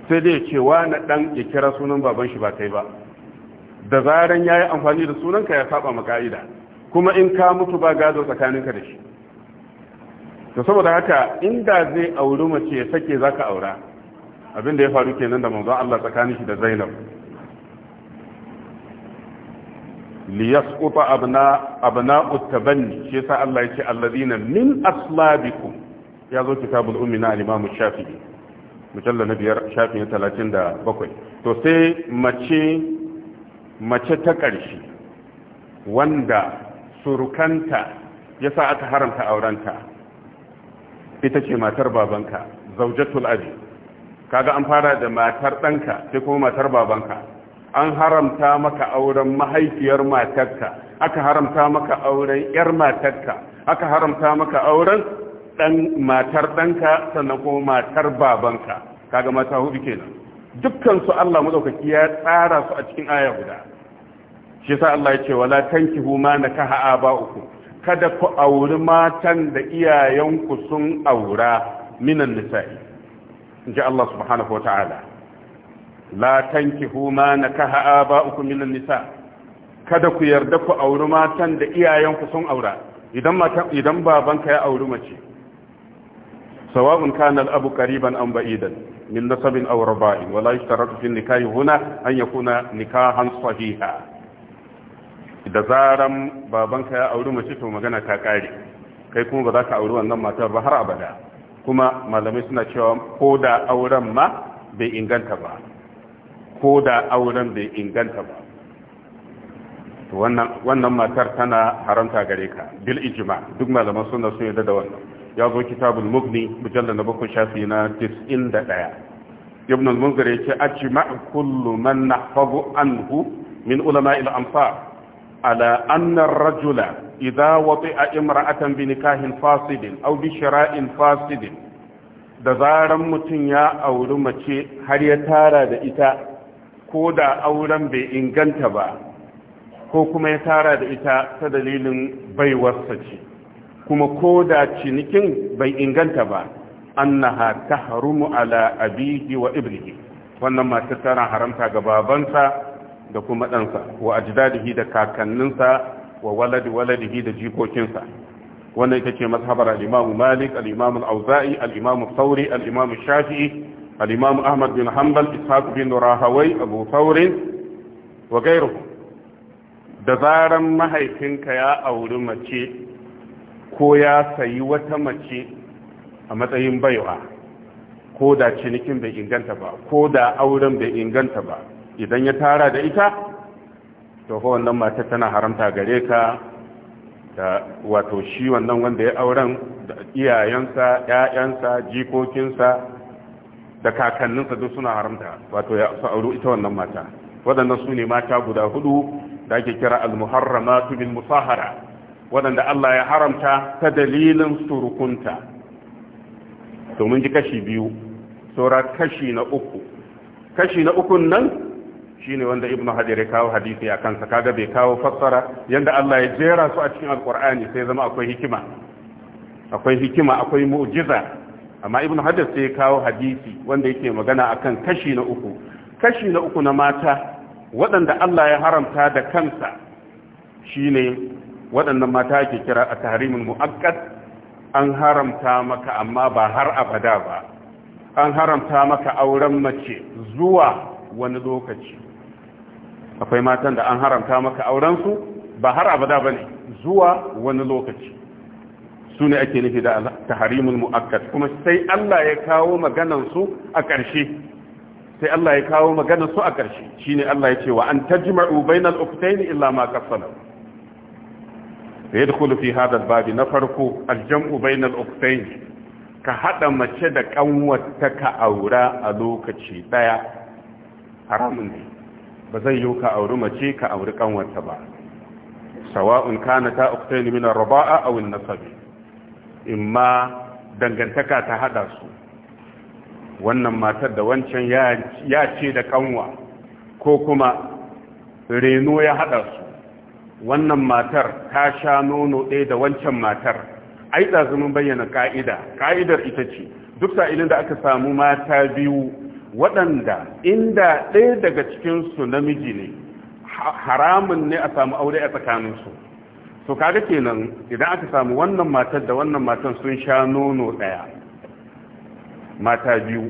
sai dai cewa na dan ya kira sunan baban shi ba kai ba da zaran yayi amfani da sunanka ya saba maka'ida, kuma in ka mutu ba gado tsakaninka da shi to saboda haka inda zai auri mace ya sake zaka aura abin da ya faru kenan da manzo Allah tsakanin shi da Zainab liyasquta abna abna'u tabanni shi yasa Allah yake alladina min aslabikum ya zo kitabul ummi na al-imam shafi'i mujalla na biyar shafi'i 37 to sai mace mace ta ƙarshe wanda surukanta yasa aka haramta aurenta ita ce matar babanka zaujatul abi kaga an fara da matar ɗanka sai kuma matar babanka an haramta maka auren mahaifiyar matarka aka haramta maka auren yar matarka aka haramta maka auren dan matar danka sannan kuma matar babanka kaga mata hudu kenan dukkan su Allah madaukaki ya tsara su a cikin aya guda shi yasa Allah ya ce wala tankihu ma nakaha uku. kada ku auri matan da iyayenku sun aura minan nisa'i inji Allah subhanahu wa ta'ala la tankihu ma nakaha aba'ukum minan nisa kada ku yarda ku auri matan da iyayenku sun aura idan matan idan babanka ya auri mace sawa'un kana al-abu qariban am ba'idan min nasabin aw raba'in wala yushtaratu fi nikahi huna an yakuna nikahan sahiha da zaran babanka ya auri mace to magana ta kare kai kuma ba za ka auri wannan matar ba har abada kuma malamai suna cewa ko da auren ma bai inganta ba ko da auren bai inganta ba wannan matar tana haramta gare ka bil ijma duk malaman suna sun yarda da wannan ya zo kitabul mughni mujallal na bakwai shafi na 91 ibn al-munzir yace ajma kullu man nahfazu anhu min ulama al-amsar ala anna rajula idha wati'a imra'atan bi nikahin fasidin aw bi shira'in fasidin da zaran mutum ya auri mace har ya tara da ita ko da auren bai inganta ba ko kuma ya tara da ita ta dalilin baiwarsa ce kuma ko da cinikin bai inganta ba annaha tahrumu ala abihi wa Ibrahim wannan matar tana haramta ga babansa da kuma ɗansa wa ajdadihi da kakanninsa wa waladi waladihi da jikokinsa wannan ita ce mazhabar al-Imam Malik al-Imam al-Auza'i al-Imam Thawri al-Imam Shafi'i الإمام أحمد بن حنبل إسحاق بن راهوي أبو ثور da دزارا mahaifinka ya auri mace ko ya sayi wata mace a matsayin baiwa ko da cinikin bai inganta ba ko da auren bai inganta ba idan ya tara da ita to fa wannan mata tana haramta gare ka da wato shi wannan wanda ya auren da iyayensa ƴaƴansa jikokinsa da kakanninsa duk suna haramta wato ya auri ita wannan mata waɗannan su ne mata guda hudu da ake kira al-muharramatu bil musahara waɗanda Allah ya haramta ta dalilin surukunta to mun ji kashi biyu saura kashi na uku kashi na ukun nan shine wanda ibn hajar ya kawo hadisi a kansa kaga bai kawo fassara yanda Allah ya jera su a cikin alqur'ani sai zama akwai hikima akwai hikima akwai mu'jiza amma ibn hajar sai ya kawo hadisi wanda yake magana akan kashi na uku kashi na uku na mata waɗanda Allah ya haramta da kansa shine waɗannan mata ake kira a tarihin muakkad an haramta maka amma ba har abada ba an haramta maka auren mace zuwa wani lokaci akwai matan da an haramta maka auren su ba har abada bane zuwa wani lokaci su ne ake nufi da tahrimul mu'akkad kuma sai Allah ya kawo maganan su a ƙarshe sai Allah ya kawo maganan su a ƙarshe shine Allah ya ce wa an tajma'u bainal ukhtayn illa ma qassala yadkhulu fi hadha al-bab na farko al-jam'u bainal ukhtayn ka hada mace da kanwarta ka aura a lokaci daya haramun ne ba zai yi ka auri mace ka auri kanwarta ba sawa'un kana ta ukhtayn min ar-rida'a aw an-nasabi imma dangantaka ta hada su wannan matar da wancan ya ce da kanwa ko kuma reno ya hada su wannan matar ta sha nono ɗaya da wancan matar ai ɗazumin bayyana ka'ida ka'idar ita ce duk sa'ilin da aka samu mata biyu waɗanda inda ɗaya daga cikinsu namiji ne haramun ne a samu aure a tsakaninsu to kaga kenan idan aka samu wannan matar da wannan matan sun sha nono daya mata biyu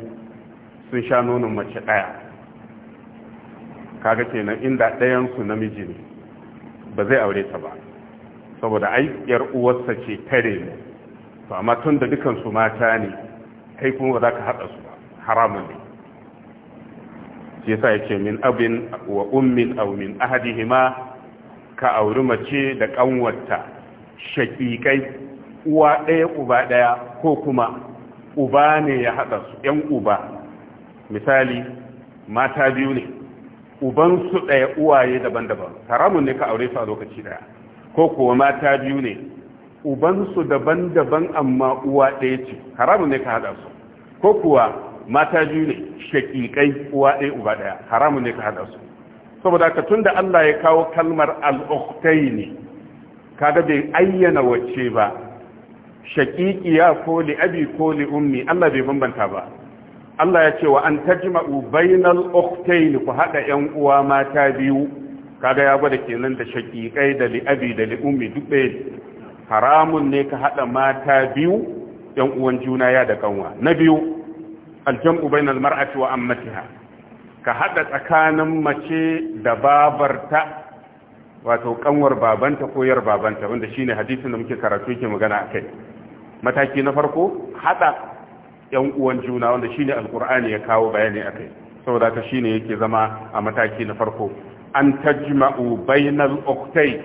sun sha nonon mace daya kaga kenan inda ɗayan su namiji ne ba zai aure ta ba saboda ai yar uwarsa ce tare ne to amma tun da dukan su mata ne kai kuma ba za ka haɗa su ba haramun ne shi yasa yake min abin wa ummin aw min ahadihima ka auri mace da ƙanwarta shakikai uwa ɗaya uba ɗaya ko kuma uba ne ya haɗa su ‘yan uba misali mata biyu ne ubansu ɗaya uwaye daban-daban haramun ne ka aure su a lokaci ɗaya ko kuwa mata biyu ne ubansu daban-daban amma uwa ɗaya ce haramun ne ka haɗa su ko kuwa mata biyu ne shakikai uwa ɗaya uba ɗaya haramun ne ka haɗa su saboda ka da Allah ya kawo kalmar al ne, kaga bai ayyana wacce ba shaƙiƙiya ko li'abi ko li'ummi, Allah bai bambanta ba Allah ya ce wa an tajma'u bainal ukhtaini ku haɗa yan uwa mata biyu kaga ya gwada kenan da shaqiqai da li'abi da li'ummi duk ɗaya haramun ne ka haɗa mata biyu yan uwan juna ya da kanwa na biyu aljam'u bainal mar'ati wa ammatiha ka haɗa tsakanin mace da babarta wato kanwar babanta ko yar babanta wanda shine hadisin da muke karatu yake magana akai mataki na farko haɗa yan uwan juna wanda shine alqur'ani ya kawo bayani akai saboda ka shine yake zama a mataki na farko an tajma'u bainal uqtay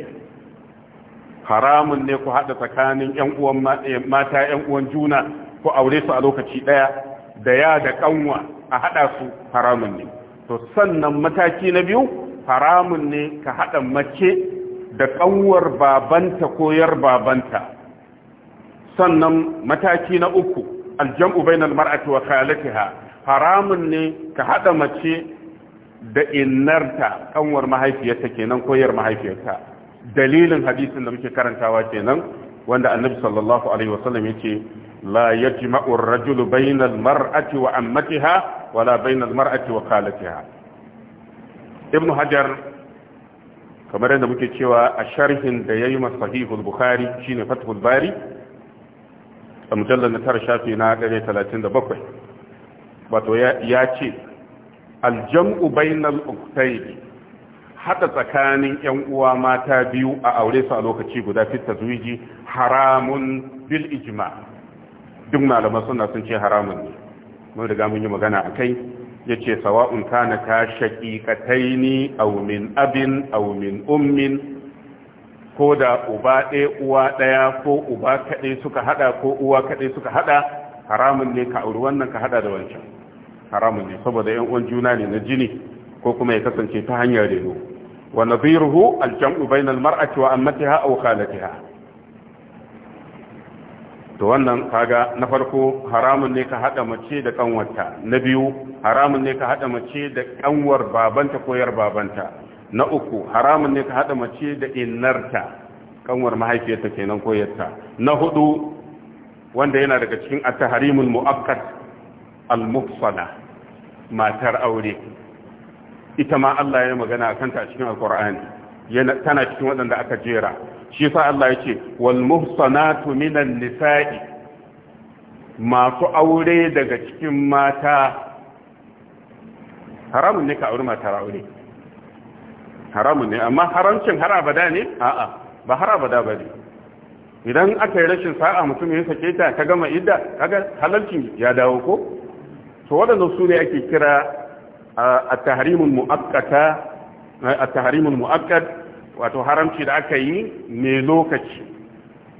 haramun ne ku haɗa tsakanin yan uwan eh, mata yan uwan juna ko aure su a lokaci daya da ya da kanwa a haɗa su haramun ne to sannan mataki na biyu haramun ne ka haɗa mace da ƙanwar babanta ko yar babanta sannan mataki na uku aljam'u bainal mar'ati wa khalatiha haramun ne ka haɗa mace da innarta ƙanwar mahaifiyarta kenan ko yar mahaifiyarta dalilin hadisin da muke karantawa kenan wanda annabi sallallahu alaihi wasallam yace la yajma'u ar-rajulu bayna al-mar'ati wa ammatiha wala bayna al ibnu hajar kamar yadda muke cewa a sharhin da ya yi masahihul bukhari shine fathul bari a mujallar na tara shafi na 137 wato ya ce aljam'u bainal uktaini hada tsakanin yan uwa mata biyu a aure su a lokaci guda fit tazwiji haramun bil ijma' duk malaman suna sun ce haramun ne mun riga mun yi magana a kai ya ce sawa'un kana ka shaƙiƙatai ni min abin min ummin ko da uba ɗaya uwa ɗaya ko uba kaɗai suka haɗa ko uwa kaɗai suka haɗa haramun ne ka auri wannan ka haɗa da wancan haramun ne saboda yan uwan juna ne na jini ko kuma ya kasance ta hanyar reno wa nadhiruhu al-jam'u bainal marati wa ammatiha aw khalatiha to wannan kaga na farko haramun ne ka hada mace da kanwarta na biyu haramun ne ka hada mace da kanwar babanta ko yar babanta na uku haramun ne ka hada mace da innarta kanwar mahaifiyarta kenan ko yarta na hudu wanda yana daga cikin at-tahrimul mu'akkat al-mufsala matar aure ita ma Allah ya magana akan ta cikin alqur'ani yana tana cikin waɗanda aka jera shi sa Allah ya ce wal muhsanatu minan nisa'i masu aure daga cikin mata haramun ne ka aure mata aure haramun ne amma haramcin har abada ne a'a ba har abada ba ne idan aka yi rashin sa'a mutum ya sake ta ta gama idda kaga halalcin ya dawo ko to waɗannan su ne ake kira a tahrimul muakkata a tahrimul muakkad wato haramci da aka yi ne lokaci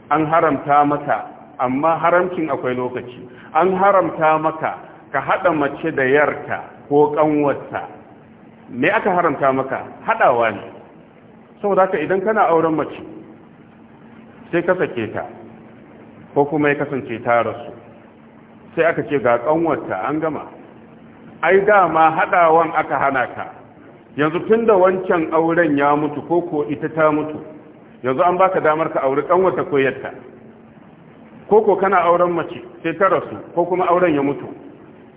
an haramta maka amma haramcin akwai lokaci an haramta maka ka haɗa mace da yarka ko ƙanwarta me aka haramta maka haɗawa ne saboda haka idan kana auren mace sai ka sake ta ko kuma ya kasance ta rasu sai aka ce ga ƙanwarta an gama ai dama haɗawan aka hana ka yanzu tun da wancan auren ya mutu ko ko ita ta mutu yanzu an baka damar ka auri kan wata koyarta ko ko kana auren mace sai ta rasu ko kuma auren ya mutu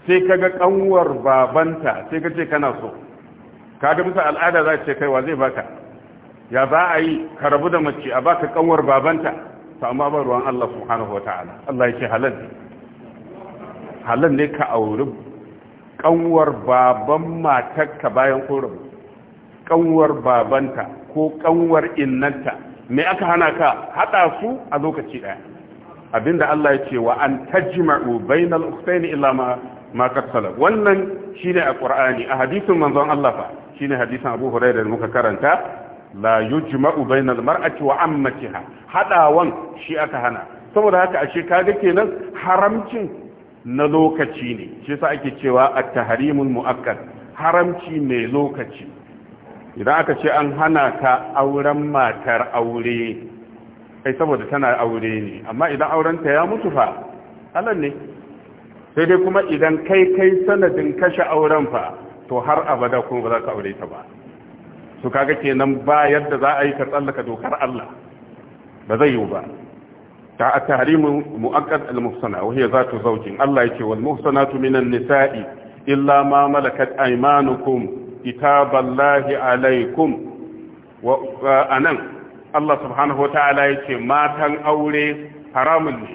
sai ka ga kanwar babanta sai ka ce kana so ka ga bisa al'ada za ce kai wa zai baka ya za a yi ka rabu da mace a baka kanwar babanta to amma ba ruwan Allah subhanahu wataala Allah ya ce halal halal ne ka auri kanwar baban matarka bayan korabu kanwar babanta ko kanwar innanta me aka hana ka hada su a lokaci daya abinda Allah ya ce wa an tajma'u bainal ukhtayn illa ma ma kasala wannan shine a qur'ani a hadisin manzon Allah fa shine hadisin Abu Hurairah da muka karanta la yujma'u bainal mar'ati wa ammatiha hadawan shi aka hana saboda haka ashe kaga kenan haramcin na lokaci ne shi yasa ake cewa at-tahrimul mu'akkad haramci mai lokaci idan aka ce an hana ka auren matar aure kai saboda tana aure ne amma idan aurenta ya mutu fa halal ne sai dai kuma idan kai kai sanadin kashe auren fa to har abada kuma ba za ka aure ta ba su kaga kenan ba yadda za a yi ka tsallaka dokar Allah ba zai yiwu ba ta a tahrimu mu'akkad al-muhsana wa hiya zatu zaukin. Allah yake wal tu minan nisa'i illa ma malakat aymanukum kitaballahi alaikum a nan Allah subhanahu wataala yake matan aure haramun ne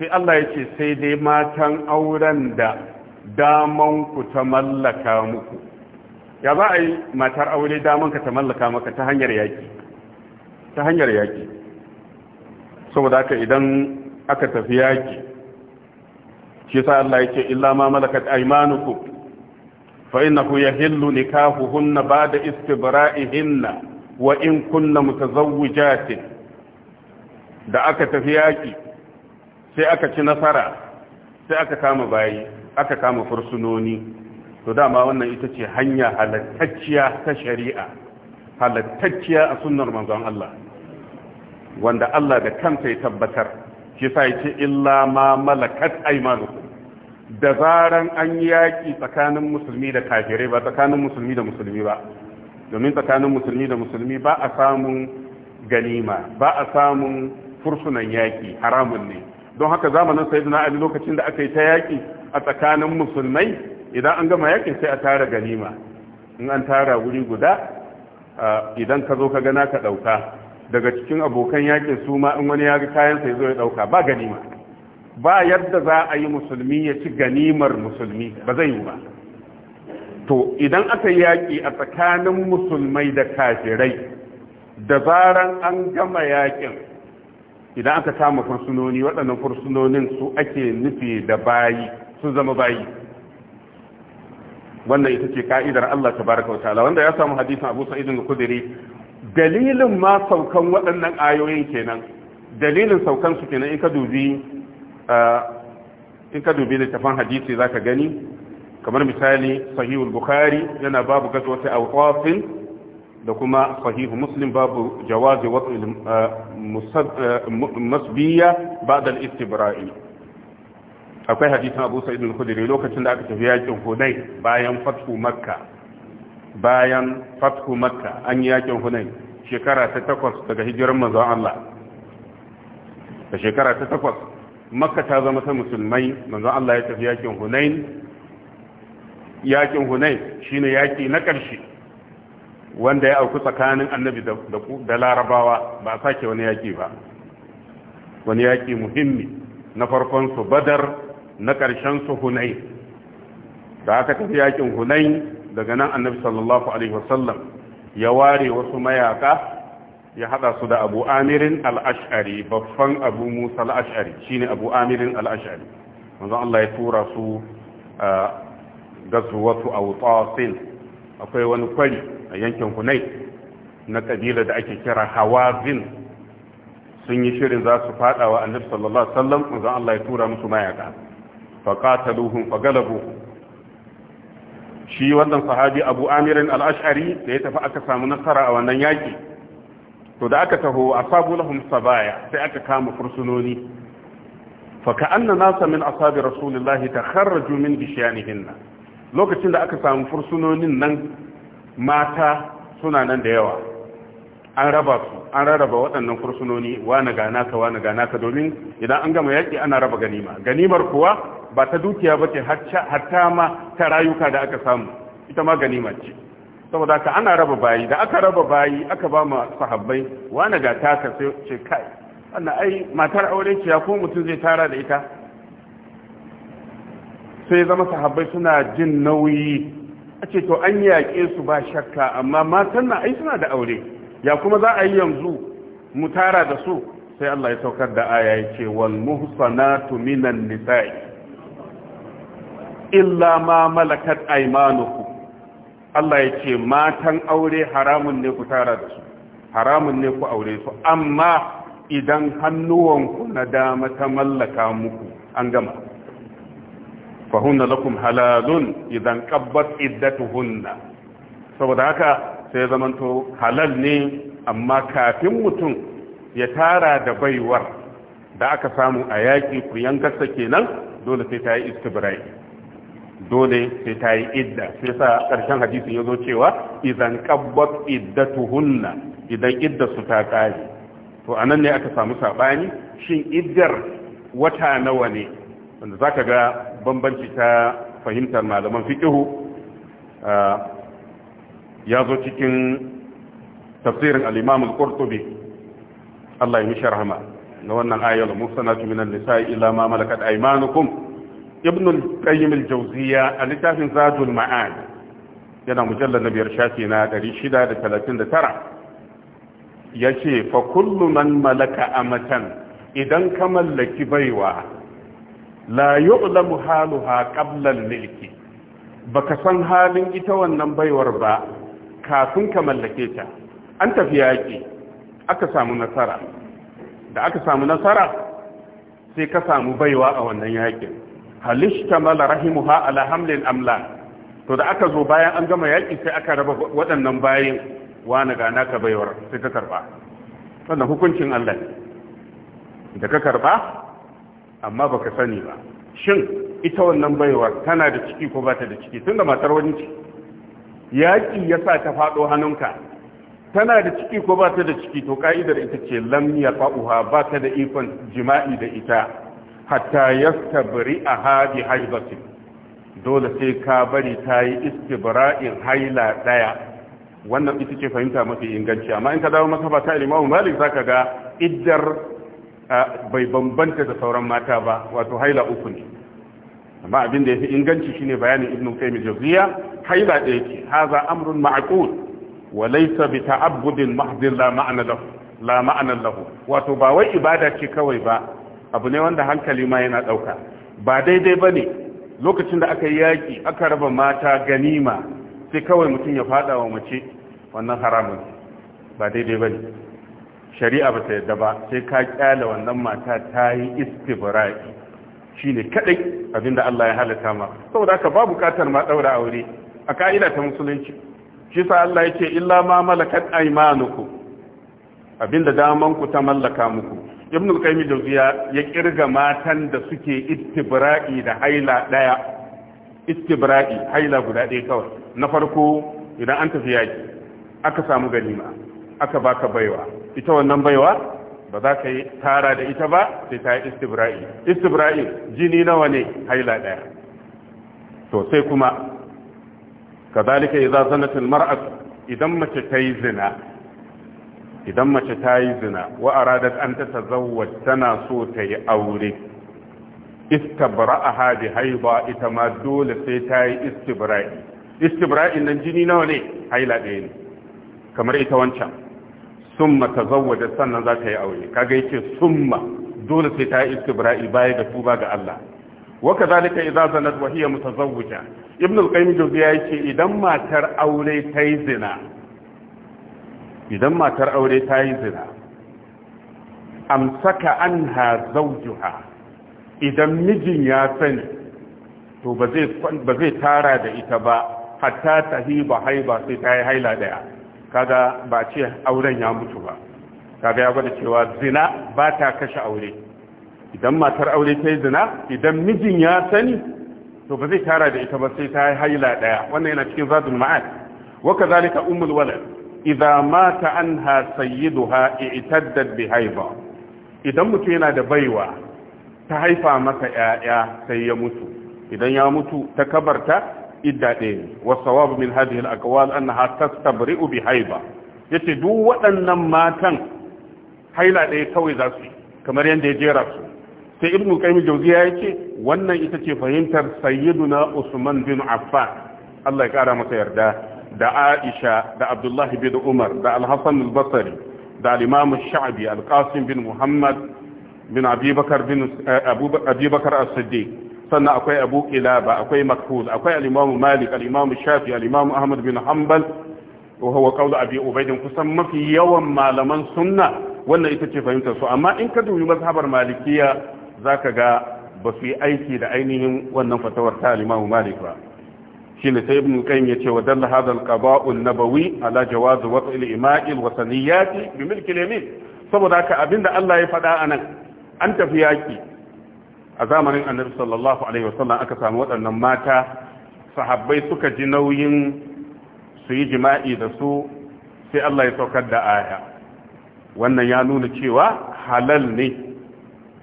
sai Allah yake sai dai matan auren da daman ku ta mallaka muku ya za a yi matar aure daman ta mallaka maka ta hanyar yaki ta hanyar yaki saboda haka idan aka tafi yaki shi sa Allah yake illa ma malakat aymanukum فإنه يهل نكاحهن بعد استبرائهن وإن كن متزوجات da aka tafi yaƙi sai aka ci nasara sai aka kama bayi aka kama fursunoni to dama wannan ita ce hanya halattacciya ta shari'a halattacciya a sunnar manzon Allah wanda Allah da kansa ya tabbatar shi sa ce illa ma malakat aymanukum da zaran an yi yaƙi tsakanin musulmi da kafirai ba tsakanin musulmi da musulmi ba domin tsakanin musulmi da musulmi ba a samun ganima ba a samun fursunan yaƙi haramun ne don haka zamanin sayyidina ali lokacin da aka yi ta yaƙi a tsakanin musulmai idan an gama yaƙin sai a tara ganima in an tara wuri guda idan ka zo ka gana ka ɗauka daga cikin abokan yaƙin su ma in wani ya ga kayansa sai zo ya ɗauka ba ganima ba yadda za a yi musulmi ya ci ganimar musulmi ba zai yi ba to idan aka yaƙi a tsakanin musulmai da kafirai da zaran an gama yaƙin idan aka kama fursunoni waɗannan fursunonin su ake nufi da bayi su zama bayi wannan ita ce ka'idar Allah ta wa ta'ala wanda ya samu hadisin Abu Sa'id al kudiri dalilin ma saukan waɗannan ayoyin kenan dalilin saukan su kenan in ka dubi in ka dubi littafin hadisi zaka gani kamar misali sahihul bukhari yana babu gazwati awqafin da kuma sahihu muslim babu jawazi wad'il eh, eh, masbiya ba'da al-istibra'i akwai hadisin Abu Sa'id al-Khudri lokacin da aka tafi yakin Hunayn bayan fathu Makka bayan fathu Makka an yakin Hunayn shekara ta takwas daga hijiran manzon Allah da shekara ta takwas. makka ta zama ta musulmai manzon Allah ya tafi yakin hunain yakin hunain shine yaki na ƙarshe wanda ya auku tsakanin annabi da larabawa ba sake wani yaki ba wani yaki muhimmi na farkon su badar na ƙarshen su hunain da aka tafi yakin hunain daga nan annabi sallallahu alaihi wasallam ya ware wasu mayaka ya hada su da abu amirin al'ash'ari babban abu musa al'ash'ari shi ne abu amirin al'ash'ari wanzu Allah ya tura su gazuwatu a wutsasin akwai wani kwari a yankin hunai na kabila da ake kira hawazin sun yi shirin za su fada wa annabi sallallahu alaihi wasallam Allah ya tura musu mayaka faqataluhum fagalabuhum shi wannan sahabi abu amirin al'ash'ari da ya tafi aka samu nasara a wannan yaki to da aka taho a sabu lahum sabaya sai aka kama fursunoni fa anna nasa min asabi ta takharraju min bishanihin lokacin da aka samu fursunonin nan mata suna nan da yawa an raba su an rarraba waɗannan fursunoni gana ka wa na gana ka domin idan an gama yaƙi ana raba ganima ganimar kuwa ba ta dukiya ba ce hatta ma ta rayuka da aka samu ita ma ganima ce saboda ka ana raba bayi da aka raba bayi aka ba ma sahabbai wani ga taka sai ce kai wannan ai matar aure ce ya ko mutum zai tara da ita sai zama sahabbai suna jin nauyi a ce to an yaƙe su ba shakka amma matan na ai suna da aure ya kuma za a yi yanzu mu tara da su sai Allah ya saukar da aya ya ce wal muhsanatu minan nisa'i illa ma malakat aymanukum Allah ya ce matan aure haramun ne ku tara da su haramun ne ku aure su amma idan hannuwanku na dama ta mallaka muku an gama fahunna lakum halalun idan qabbat iddatuhunna saboda haka sai zamanto halal ne amma kafin mutum ya tara da baiwar da aka samu a yaki ku yankarsa kenan dole sai ta yi istibra'i dole sai ta yi idda sai sa ƙarshen hadisin ya zo cewa idan ƙabbat iddatuhunna idan idda su ta ƙare to a nan ne aka samu saɓani shin iddar wata nawa ne wanda za ka ga bambanci ta fahimtar malaman fiƙihu ya zo cikin tafsirin al-imam al-qurtubi Allah ya mishi rahama na wannan ayatul musanatu minan nisa'i ila ma malakat aymanukum Ibnul al-qayyim a littafin zadul ma'ad yana mujallar na biyar shafi na 639 yace fa kullu man malaka amatan idan ka mallaki baiwa la yu'lamu haluha qabla al-milki baka san halin ita wannan baiwar ba kafin ka mallake ta an tafi yaki aka samu nasara da aka samu nasara sai ka samu baiwa a wannan yaƙin. mala rahimuha ala hamlin amla to da aka zo bayan an gama yaƙi sai aka raba waɗannan bayin wani gana ka baiwar sai ka karba wannan hukuncin Allah ne da ka karba amma baka sani ba shin ita wannan baiwar tana da ciki ko ba ta da ciki tunda matar wani ce yaƙi ya sa ta faɗo hannunka tana da ciki ko ba ta da ciki to ka'idar ita ce lam ya fa'uha ba ta da ikon jima'i da ita hatta yastabri a bi haibati dole sai ka bari ta yi istibra'in haila ɗaya wannan ita ce fahimta mafi inganci amma in ka dawo masa ba ta imamu malik zaka ga iddar bai bambanta da sauran mata ba wato haila uku ne amma abin da fi inganci shine bayanin ibnu mai jawziya haila ɗaya ce haza amrun ma'qul wa laysa bi ta'abbudin mahdin la ma'ana lahu la ma'ana lahu wato ba wai ibada ce kawai ba abu ne wanda hankali ma yana ɗauka ba daidai ba ne lokacin da aka yi yaƙi aka raba mata ganima sai kawai mutum ya faɗa wa mace wannan haramun ba daidai ba ne shari'a ba ta yadda ba sai ka kyale wannan mata ta yi istibra'i shi ne kaɗai abinda Allah ya halatta ma saboda aka ba bukatar ma ɗaura aure a ka'ida ta musulunci shi sa Allah ya ce illa ma malakat aimanuku abinda damanku ta mallaka muku ibn al-qayyim jawziya ya kirga matan da suke istibra'i da haila daya istibra'i haila guda ɗaya kawai na farko idan an tafi yaki aka samu ganima aka baka baiwa ita wannan baiwa ba za ka yi tara da ita ba sai ta yi istibra'i istibra'i jini nawa ne haila daya to sai kuma kazalika idza zanat al idan mace ta yi zina idan mace ta yi zina wa aradat an ta tazawwaj tana so ta yi aure istabra'aha bi haiba ita ma dole sai ta yi istibra'i istibra'in nan jini nawa ne haila ɗaya ne kamar ita wancan summa tazawwaja sannan za ta yi aure kaga yace summa dole sai ta yi istibra'i baya da tuba ga Allah wa kadhalika idza zanat wa hiya mutazawwija ibn al-qayyim jawziya yake idan matar aure ta yi zina idan matar aure ta yi zina amsaka anha zawjuha idan mijin ya sani to ba zai tara da ita ba hatta ba haiba sai ta yi haila daya kaga ba ce auren ya mutu ba kaga ya gwada cewa zina ba ta kashe aure idan matar aure ta yi zina idan mijin ya sani to ba zai tara da ita ba sai ta yi haila daya wannan yana cikin zadul ma'ad wa kazalika ummul walad idza mata anha sayyiduha i'taddat bihaiba idan mutum yana da baiwa ta haifa masa 'ya'ya sai ya mutu idan ya mutu ta kabarta idda ɗaya ne wasawabu min hadhihi al-aqwal annaha tastabri'u bihaiba yace duk waɗannan matan haila ɗaya kawai za su yi kamar yadda ya jera su sai ibnu qayyim jawziya yace wannan ita ce fahimtar sayyiduna usman bin affan Allah ya kara masa yarda da Aisha da Abdullahi bin Umar da alhassan hassan al-Basri da Imam Sha'bi Al-Qasim bin Muhammad bin abubakar bin eh, Abi Bakar as-Siddiq sannan akwai Abu Qilaba akwai Makhul akwai Al-Imam Malik Al-Imam Shafi Al-Imam Ahmad bin Hanbal wa huwa qawlu Abi Ubayd kusan mafi yawan malaman sunna wannan ita ce fahimtar su amma in ka dubi mazhabar malikiya zaka ga ba su yi aiki da ainihin wannan fatawar ta Imam Malik ba shine sai ibn qayyim yace wa dalla hadha al an-nabawi ala jawaz waqi' al-ima'il wa saniyati bi milk al-yamin saboda haka abinda Allah ya faɗa anan an tafi yaki a zamanin annabi sallallahu alaihi sallam, aka samu waɗannan mata sahabbai suka ji nauyin su yi jima'i da su sai Allah ya saukar da aya wannan ya nuna cewa halal ne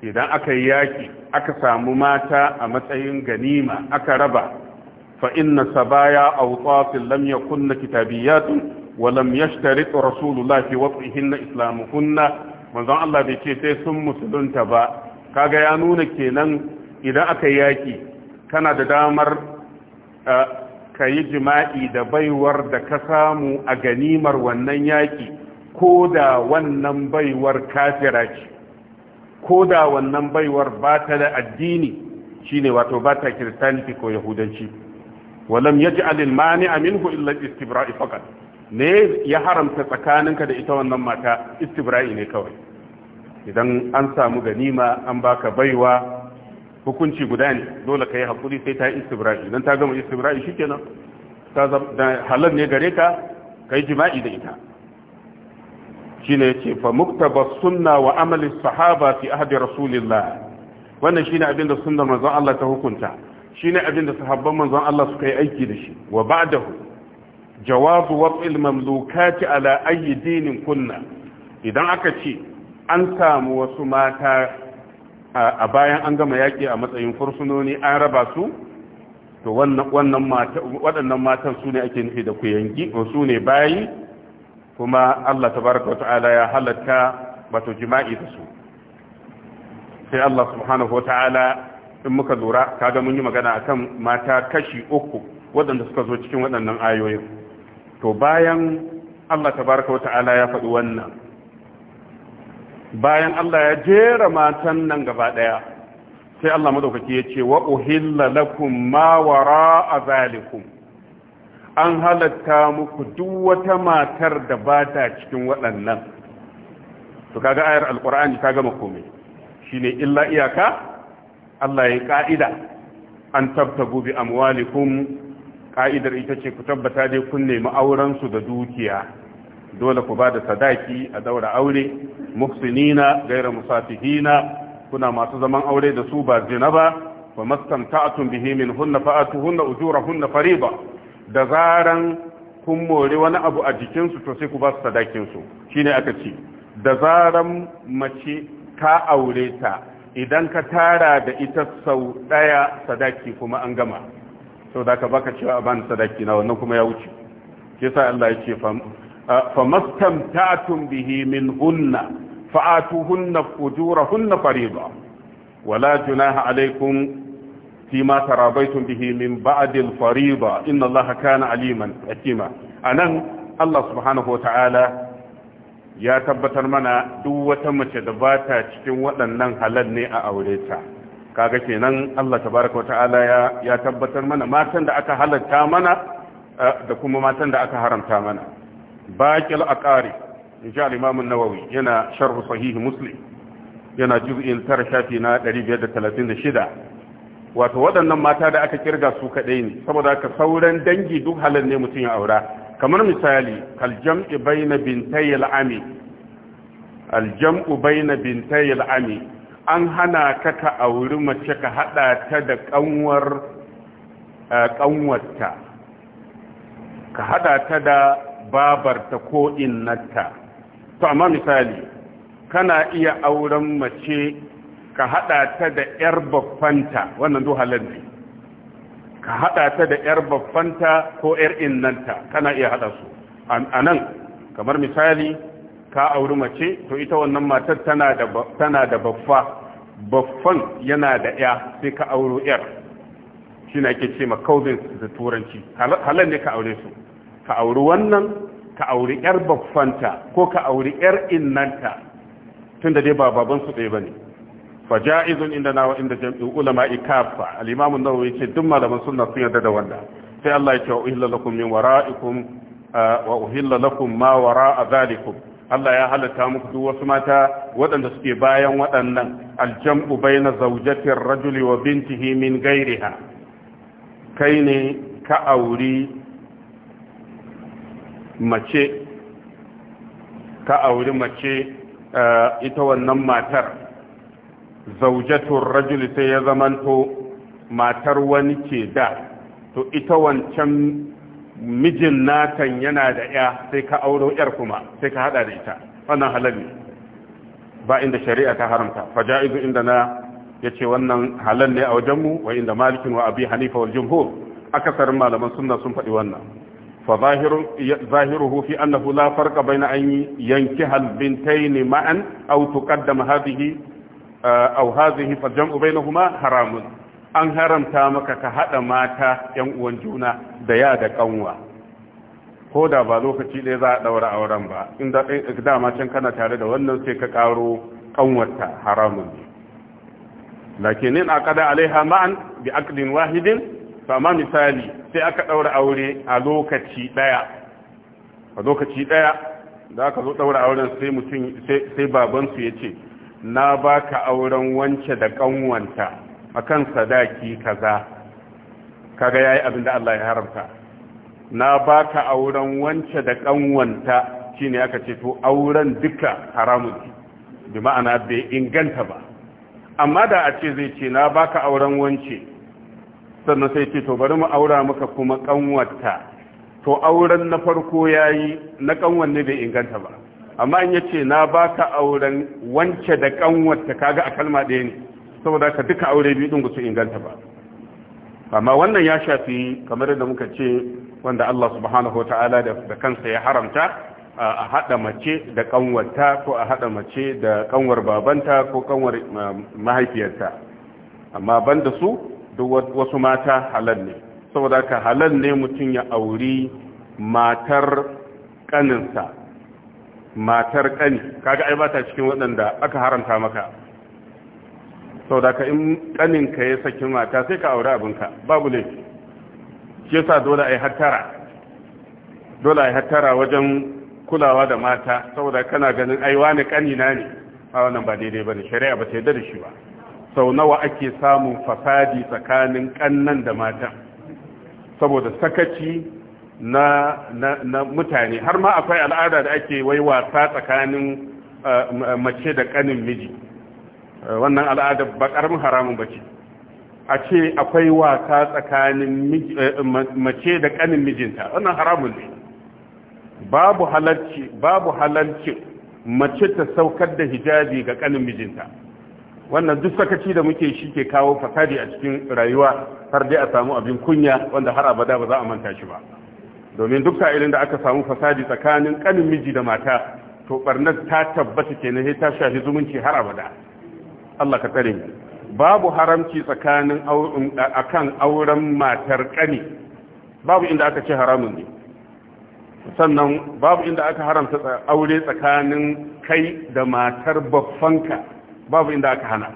idan aka yi yaki aka samu mata a matsayin ganima aka raba fa inna sabaya kunna lam yakun kitabiyat wa lam yashtarit rasulullahi fi wad'ihinna islamuhunna manzon Allah bai ce sai sun musulunta ba kaga ya nuna kenan idan aka yaki kana da damar ka yi jima'i da baiwar da ka samu a ganimar wannan yaki ko da wannan baiwar kafira ce ko da wannan baiwar ba ta da addini shine wato ba ta kiristaniti ko yahudanci walam yaj'al al-mani'a minhu illa al-istibra'i faqat ne ya haramta tsakaninka da ita wannan mata istibra'i ne kawai idan an samu ganima an baka baiwa hukunci guda ne dole ka yi haƙuri sai ta yi istibra'i idan ta gama istibra'i shi kenan ta halar ne gare ka ka yi jima'i da ita shi ne ya ce fa muktaba sunna wa amalin sahaba fi ahadi rasulillah wannan shi ne abinda sunna manzon Allah ta hukunta shine abin da sahabban manzon Allah suka yi aiki da shi wa ba'dahu jawazu wat'il mamlukati ala ayi dinin kunna idan aka ce an samu wasu mata a bayan an gama yaki a matsayin fursunoni an raba su to waɗannan matan su ne ake nufi da ku yanki su ne bayi kuma Allah tabaraka wata'ala ya halatta wato jima'i da su sai Allah subhanahu wata'ala in muka lura kaga mun yi magana akan mata kashi uku waɗanda suka zo cikin waɗannan ayoyin to bayan Allah tabaraka wa ta'ala ya faɗi wannan bayan Allah ya jera matan nan gaba ɗaya sai Allah madaukaki ya ce wa uhilla lakum ma wara'a zalikum an halatta muku duk wata matar da ba ta cikin waɗannan to kaga ayar alqur'ani kaga gama komai shine illa iyaka Allah ya ka'ida an tabtabu bi amwalikum ƙa'idar ita ce ku tabbata dai kun nemi auren da dukiya dole ku ba da sadaki a daura aure muhsinina gaira musafihina kuna masu zaman aure da su ba zina ba wa mastamta'tum bihi min hunna fa'atuhunna fari fariba da zaran kun mori wani abu a jikinsu to sai ku ba su sadakinsu shi ne aka ce da zaran mace ka aure ta idan ka tara da ita sau daya sadaki kuma an gama sau da ka baka cewa bani sadaki na wannan kuma ya wuce ke sa Allah ya ce famastamtatun bihi min hunna fa'atuhunna ujurahunna fariḍa wala junaha alaikum فيما ترابيتم به من بعد الفريضة إن الله كان A nan Allah الله سبحانه ta'ala. ya tabbatar mana duk wata mace da ba ta cikin waɗannan halal ne a aure ta kaga kenan Allah tabaraka wata'ala ya ya tabbatar mana matan da aka halalta mana eh, da kuma matan da aka haramta mana baqil aqari inji Allah imam an-nawawi yana sharh sahih muslim yana juz'in tara shafi na 536 wato waɗannan mata da aka kirga su kadai ne saboda ka sauran dangi duk halal ne mutun ya aura kamar misali aljam'i bayna bintay ami aljam'u bayna bintay ami an hana ka ka auri mace ka hada ta da kanwar kanwarta eh, ka hada ta da babarta ko innarta to amma misali kana iya auren mace ka hada ta da yar babbanta wannan do halal ne ka haɗa ta da 'yar babbanta ko 'yar innanta kana iya haɗa su a nan kamar misali ka auri mace to ita wannan matar tana da babba Bafan yana da 'ya sai ka auro 'yar shi na ke ce ma da turanci halar ne ka aure su ka auri wannan ka auri 'yar baffanta ko ka auri 'yar innanta tun da dai ba babansu ɗaya ba ne fa ja'izun inda na inda jami'in ulama ikafa al-imam an-nawawi yace duk malaman sunna sun yarda da wannan sai Allah ya ce uhilla lakum min wara'ikum wa uhilla lakum ma wara'a zalikum Allah ya halatta muku duk wasu mata waɗanda suke bayan waɗannan aljam'u baina zawjatir rajuli wa bintihi min ghairiha kai ne ka auri mace ka auri mace ita wannan matar zaujatun rajuli sai ya zamanto matar wani ke da to ita wancan mijin natan yana da ya sai ka auro yar kuma sai ka hada da ita wannan halal ba inda shari'a ta haramta faja'izu inda na yace wannan halal ne a wajenmu wa inda malikin wa abi hanifa wal jumhur akasarin malaman sunna sun faɗi wannan fa zahiruhu fi annahu la farqa bayna an yankiha al bintayn ma'an aw tuqaddama hadhihi aw hazihi fa jam'u bainahuma haramun an haramta maka ka hada mata yan uwan juna da ya da kanwa ko da ba lokaci ɗaya za a daura auren ba inda ma can kana tare da wannan sai ka karo kanwarta haramun lakinin aqada alaiha ma'an bi aqdin wahidin fa ma misali sai aka daura aure a lokaci daya a lokaci daya da aka zo daura auren sai sai babansu ya ce na baka auren wance da kanwanta kan sadaki kaza kaga yayi abin da Allah ya haramta na baka auren wance da kanwanta shine aka ce to auren duka haramun ne bi ma'ana bai inganta ba amma da a ce zai ce na baka auren wance sannan sai ce to bari mu aura maka kuma ƙanwanta, to auren na farko yayi na ƙanwan ne bai inganta ba amma in yace na baka auren wance da kanwarta kaga a kalma ɗaya ne saboda ka duka aure biyu din su inganta ba amma wannan ya shafi kamar da muka ce wanda Allah subhanahu wataala da kansa ya haramta a haɗa mace da kanwarta ko a haɗa mace da kanwar babanta ko kanwar mahaifiyarta amma banda su duk wasu mata halal ne saboda ka halal ne mutum ya auri matar kaninsa matar ƙani kaga ai ba ta cikin waɗanda aka haramta maka sau da ka in ƙaninka ya saki mata sai ka aure abinka babu laifi shi yasa dole a yi hattara dole a hattara wajen kulawa da mata saboda kana ganin ai wani kanina ne a wannan ba daidai ba ne shari'a ba ta yi da shi ba sau nawa ake samun fasadi tsakanin ƙannan da mata saboda sakaci na, na, na mutane har ma akwai al'ada da ake wai wasa tsakanin uh, mace da kanin miji uh, wannan al'ada ba karamin haramun ba ce a ce akwai wasa tsakanin uh, mace da kanin mijinta wannan haramun ne babu halarci babu halarci mace ta saukar da hijabi ga kanin mijinta wannan duk sakaci da muke shi ke kawo fasadi a cikin rayuwa har dai a samu abin kunya wanda har abada ba za a manta shi ba domin duk sa'ilin da aka samu fasadi tsakanin kanin miji da mata to barnar ta tabbata ke na ta shafi zumunci har abada Allah ka tsare babu haramci tsakanin akan um, auren matar kani babu inda aka ce haramun ne sannan babu inda aka haramta aure tsakanin kai da matar baffanka babu inda aka hana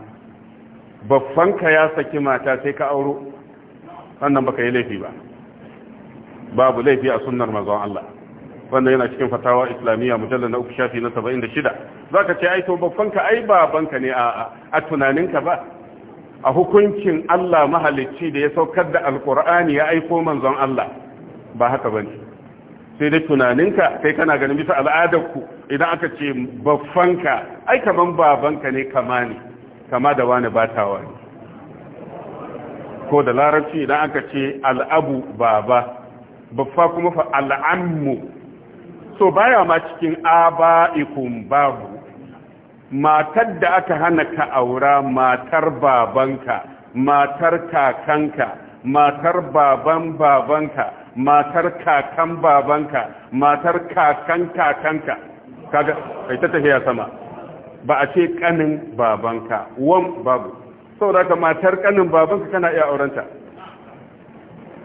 baffanka ya saki mata sai ka auro sannan baka yi laifi ba babu laifi a sunnar manzon Allah wanda yana cikin fatawa islamiyya mujallar na uku shafi na 76 zaka ce ai to babban ka ai babanka ne a a tunaninka ba a hukuncin Allah mahalicci da ya saukar da alqur'ani ya aiko manzon Allah ba haka bane sai dai tunaninka kai kana ganin bisa al'adar ku idan aka ce babban ka ai kaman babanka ne kama ne kama da wani batawa wani ko da larabci idan aka ce al'abu baba baffa kuma fa al'ammu so baya ma cikin aba'ikum babu matar da aka hana ka aura matar babanka matar kakanka matar baban babanka matar kakan babanka matar kakan kakanka kaga kai ta tafiya sama ba a ce kanin babanka wan babu saboda ka matar kanin babanka kana iya aurenta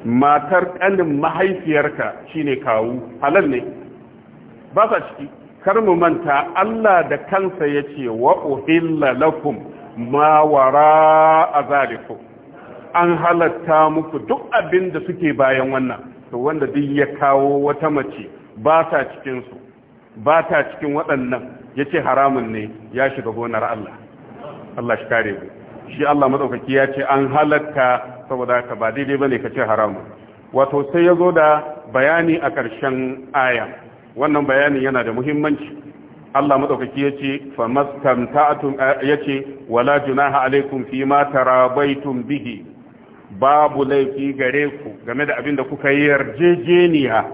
matar ƙanin mahaifiyarka shine kawu halal ne ba sa ciki kar mu manta Allah da kansa ya ce wa uhilla lakum ma wara azalikum an halatta muku duk abin da suke bayan wannan to wanda duk ya kawo wata mace ba ta cikinsu, ba ta cikin waɗannan Ya ce haramun ne ya shiga gonar Allah Allah shi kare ku shi Allah madaukaki ya ce an halatta saboda ka ba daidai bane ka ce haramun. wato sai ya zo da bayani a ƙarshen aya wannan bayanin yana da muhimmanci Allah madaukaki ya ce famastamta'tum ya ce wala junaha alaikum fi ma tarabaitum bihi babu laifi gare ku game da abin da kuka yi yarjejeniya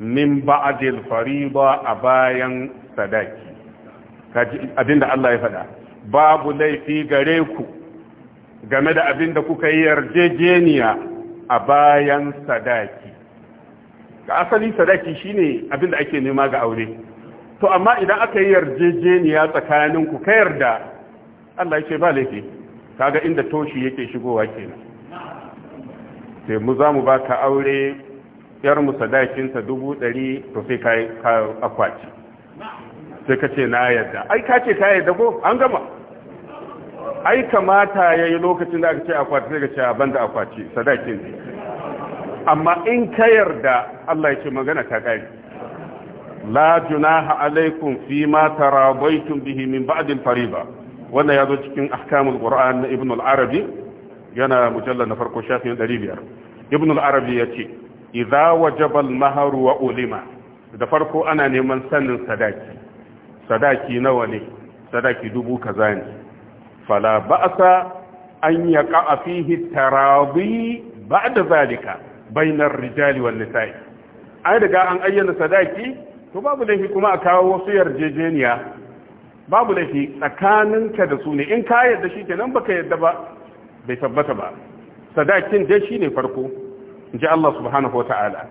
min ba'dil fariba a bayan sadaki abin da Allah ya faɗa babu laifi gare ku game da abin da kuka yi yarjejeniya a bayan sadaki ga asali sadaki shine abin da ake nema ga aure to amma idan aka yi yarjejeniya tsakanin ku ka yarda Allah yake ba laifi kaga inda toshi yake shigowa kenan sai mu za mu ka aure yar mu sadakinsa dubu ɗari to sai ka akwati sai ka ce na yarda ai ka ce ka yarda ko an gama ai kamata ya yi lokacin da aka ce akwati daga ka ce ban da akwati sadakin amma in ka yarda Allah ya ce magana ta kare la junaha alaikum fi ma tarabaitum bihi min ba'd fariba wannan cikin ahkamul qur'an na ibn al-arabi yana mujallal na farko shafin 500 ibn al-arabi ya idza wajaba al-mahr wa ulima da farko ana neman sanin sadaki sadaki nawa ne sadaki dubu kaza ne fala ba'asa, an a fihi tarabi ba'da zalika bainar rijali wal nisa'i ai daga an ayyana sadaki to babu laifi kuma a kawo wasu yarjejeniya babu laifi tsakaninka da su ne in ka yarda shi kenan baka yarda ba bai tabbata ba sadakin dai shine farko in ji Allah subhanahu wata'ala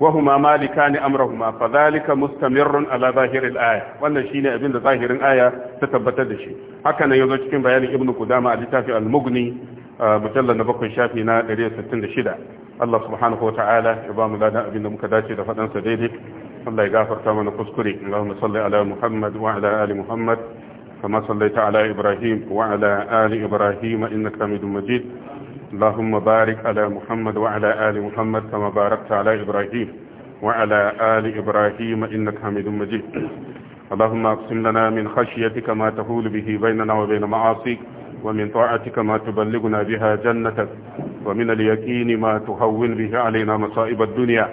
وهما مالكان امرهما فذلك مستمر على ظاهر الايه wannan shine abin da zahirin aya ta tabbatar da shi haka ne yanzu cikin bayanin ibnu qudama a littafin al-mughni na bakwai shafi na 166 Allah subhanahu wata'ala ya ba mu ladan abin da muka dace da fadan sa daidai Allah ya gafarta mana kuskure Allahumma salli ala Muhammad wa ala ali Muhammad kama sallaita ala Ibrahim wa ala ali Ibrahim innaka hamidum majid اللهم بارك على محمد وعلى آل محمد كما باركت على إبراهيم وعلى آل إبراهيم إنك حميد مجيد اللهم اقسم لنا من خشيتك ما تهول به بيننا وبين معاصيك ومن طاعتك ما تبلغنا بها جنتك ومن اليقين ما تهون به علينا مصائب الدنيا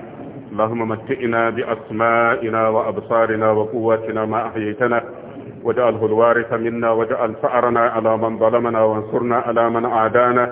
اللهم متئنا بأسمائنا وأبصارنا وقواتنا ما أحييتنا واجعله الوارث منا واجعل فأرنا على من ظلمنا وانصرنا على من أعدانا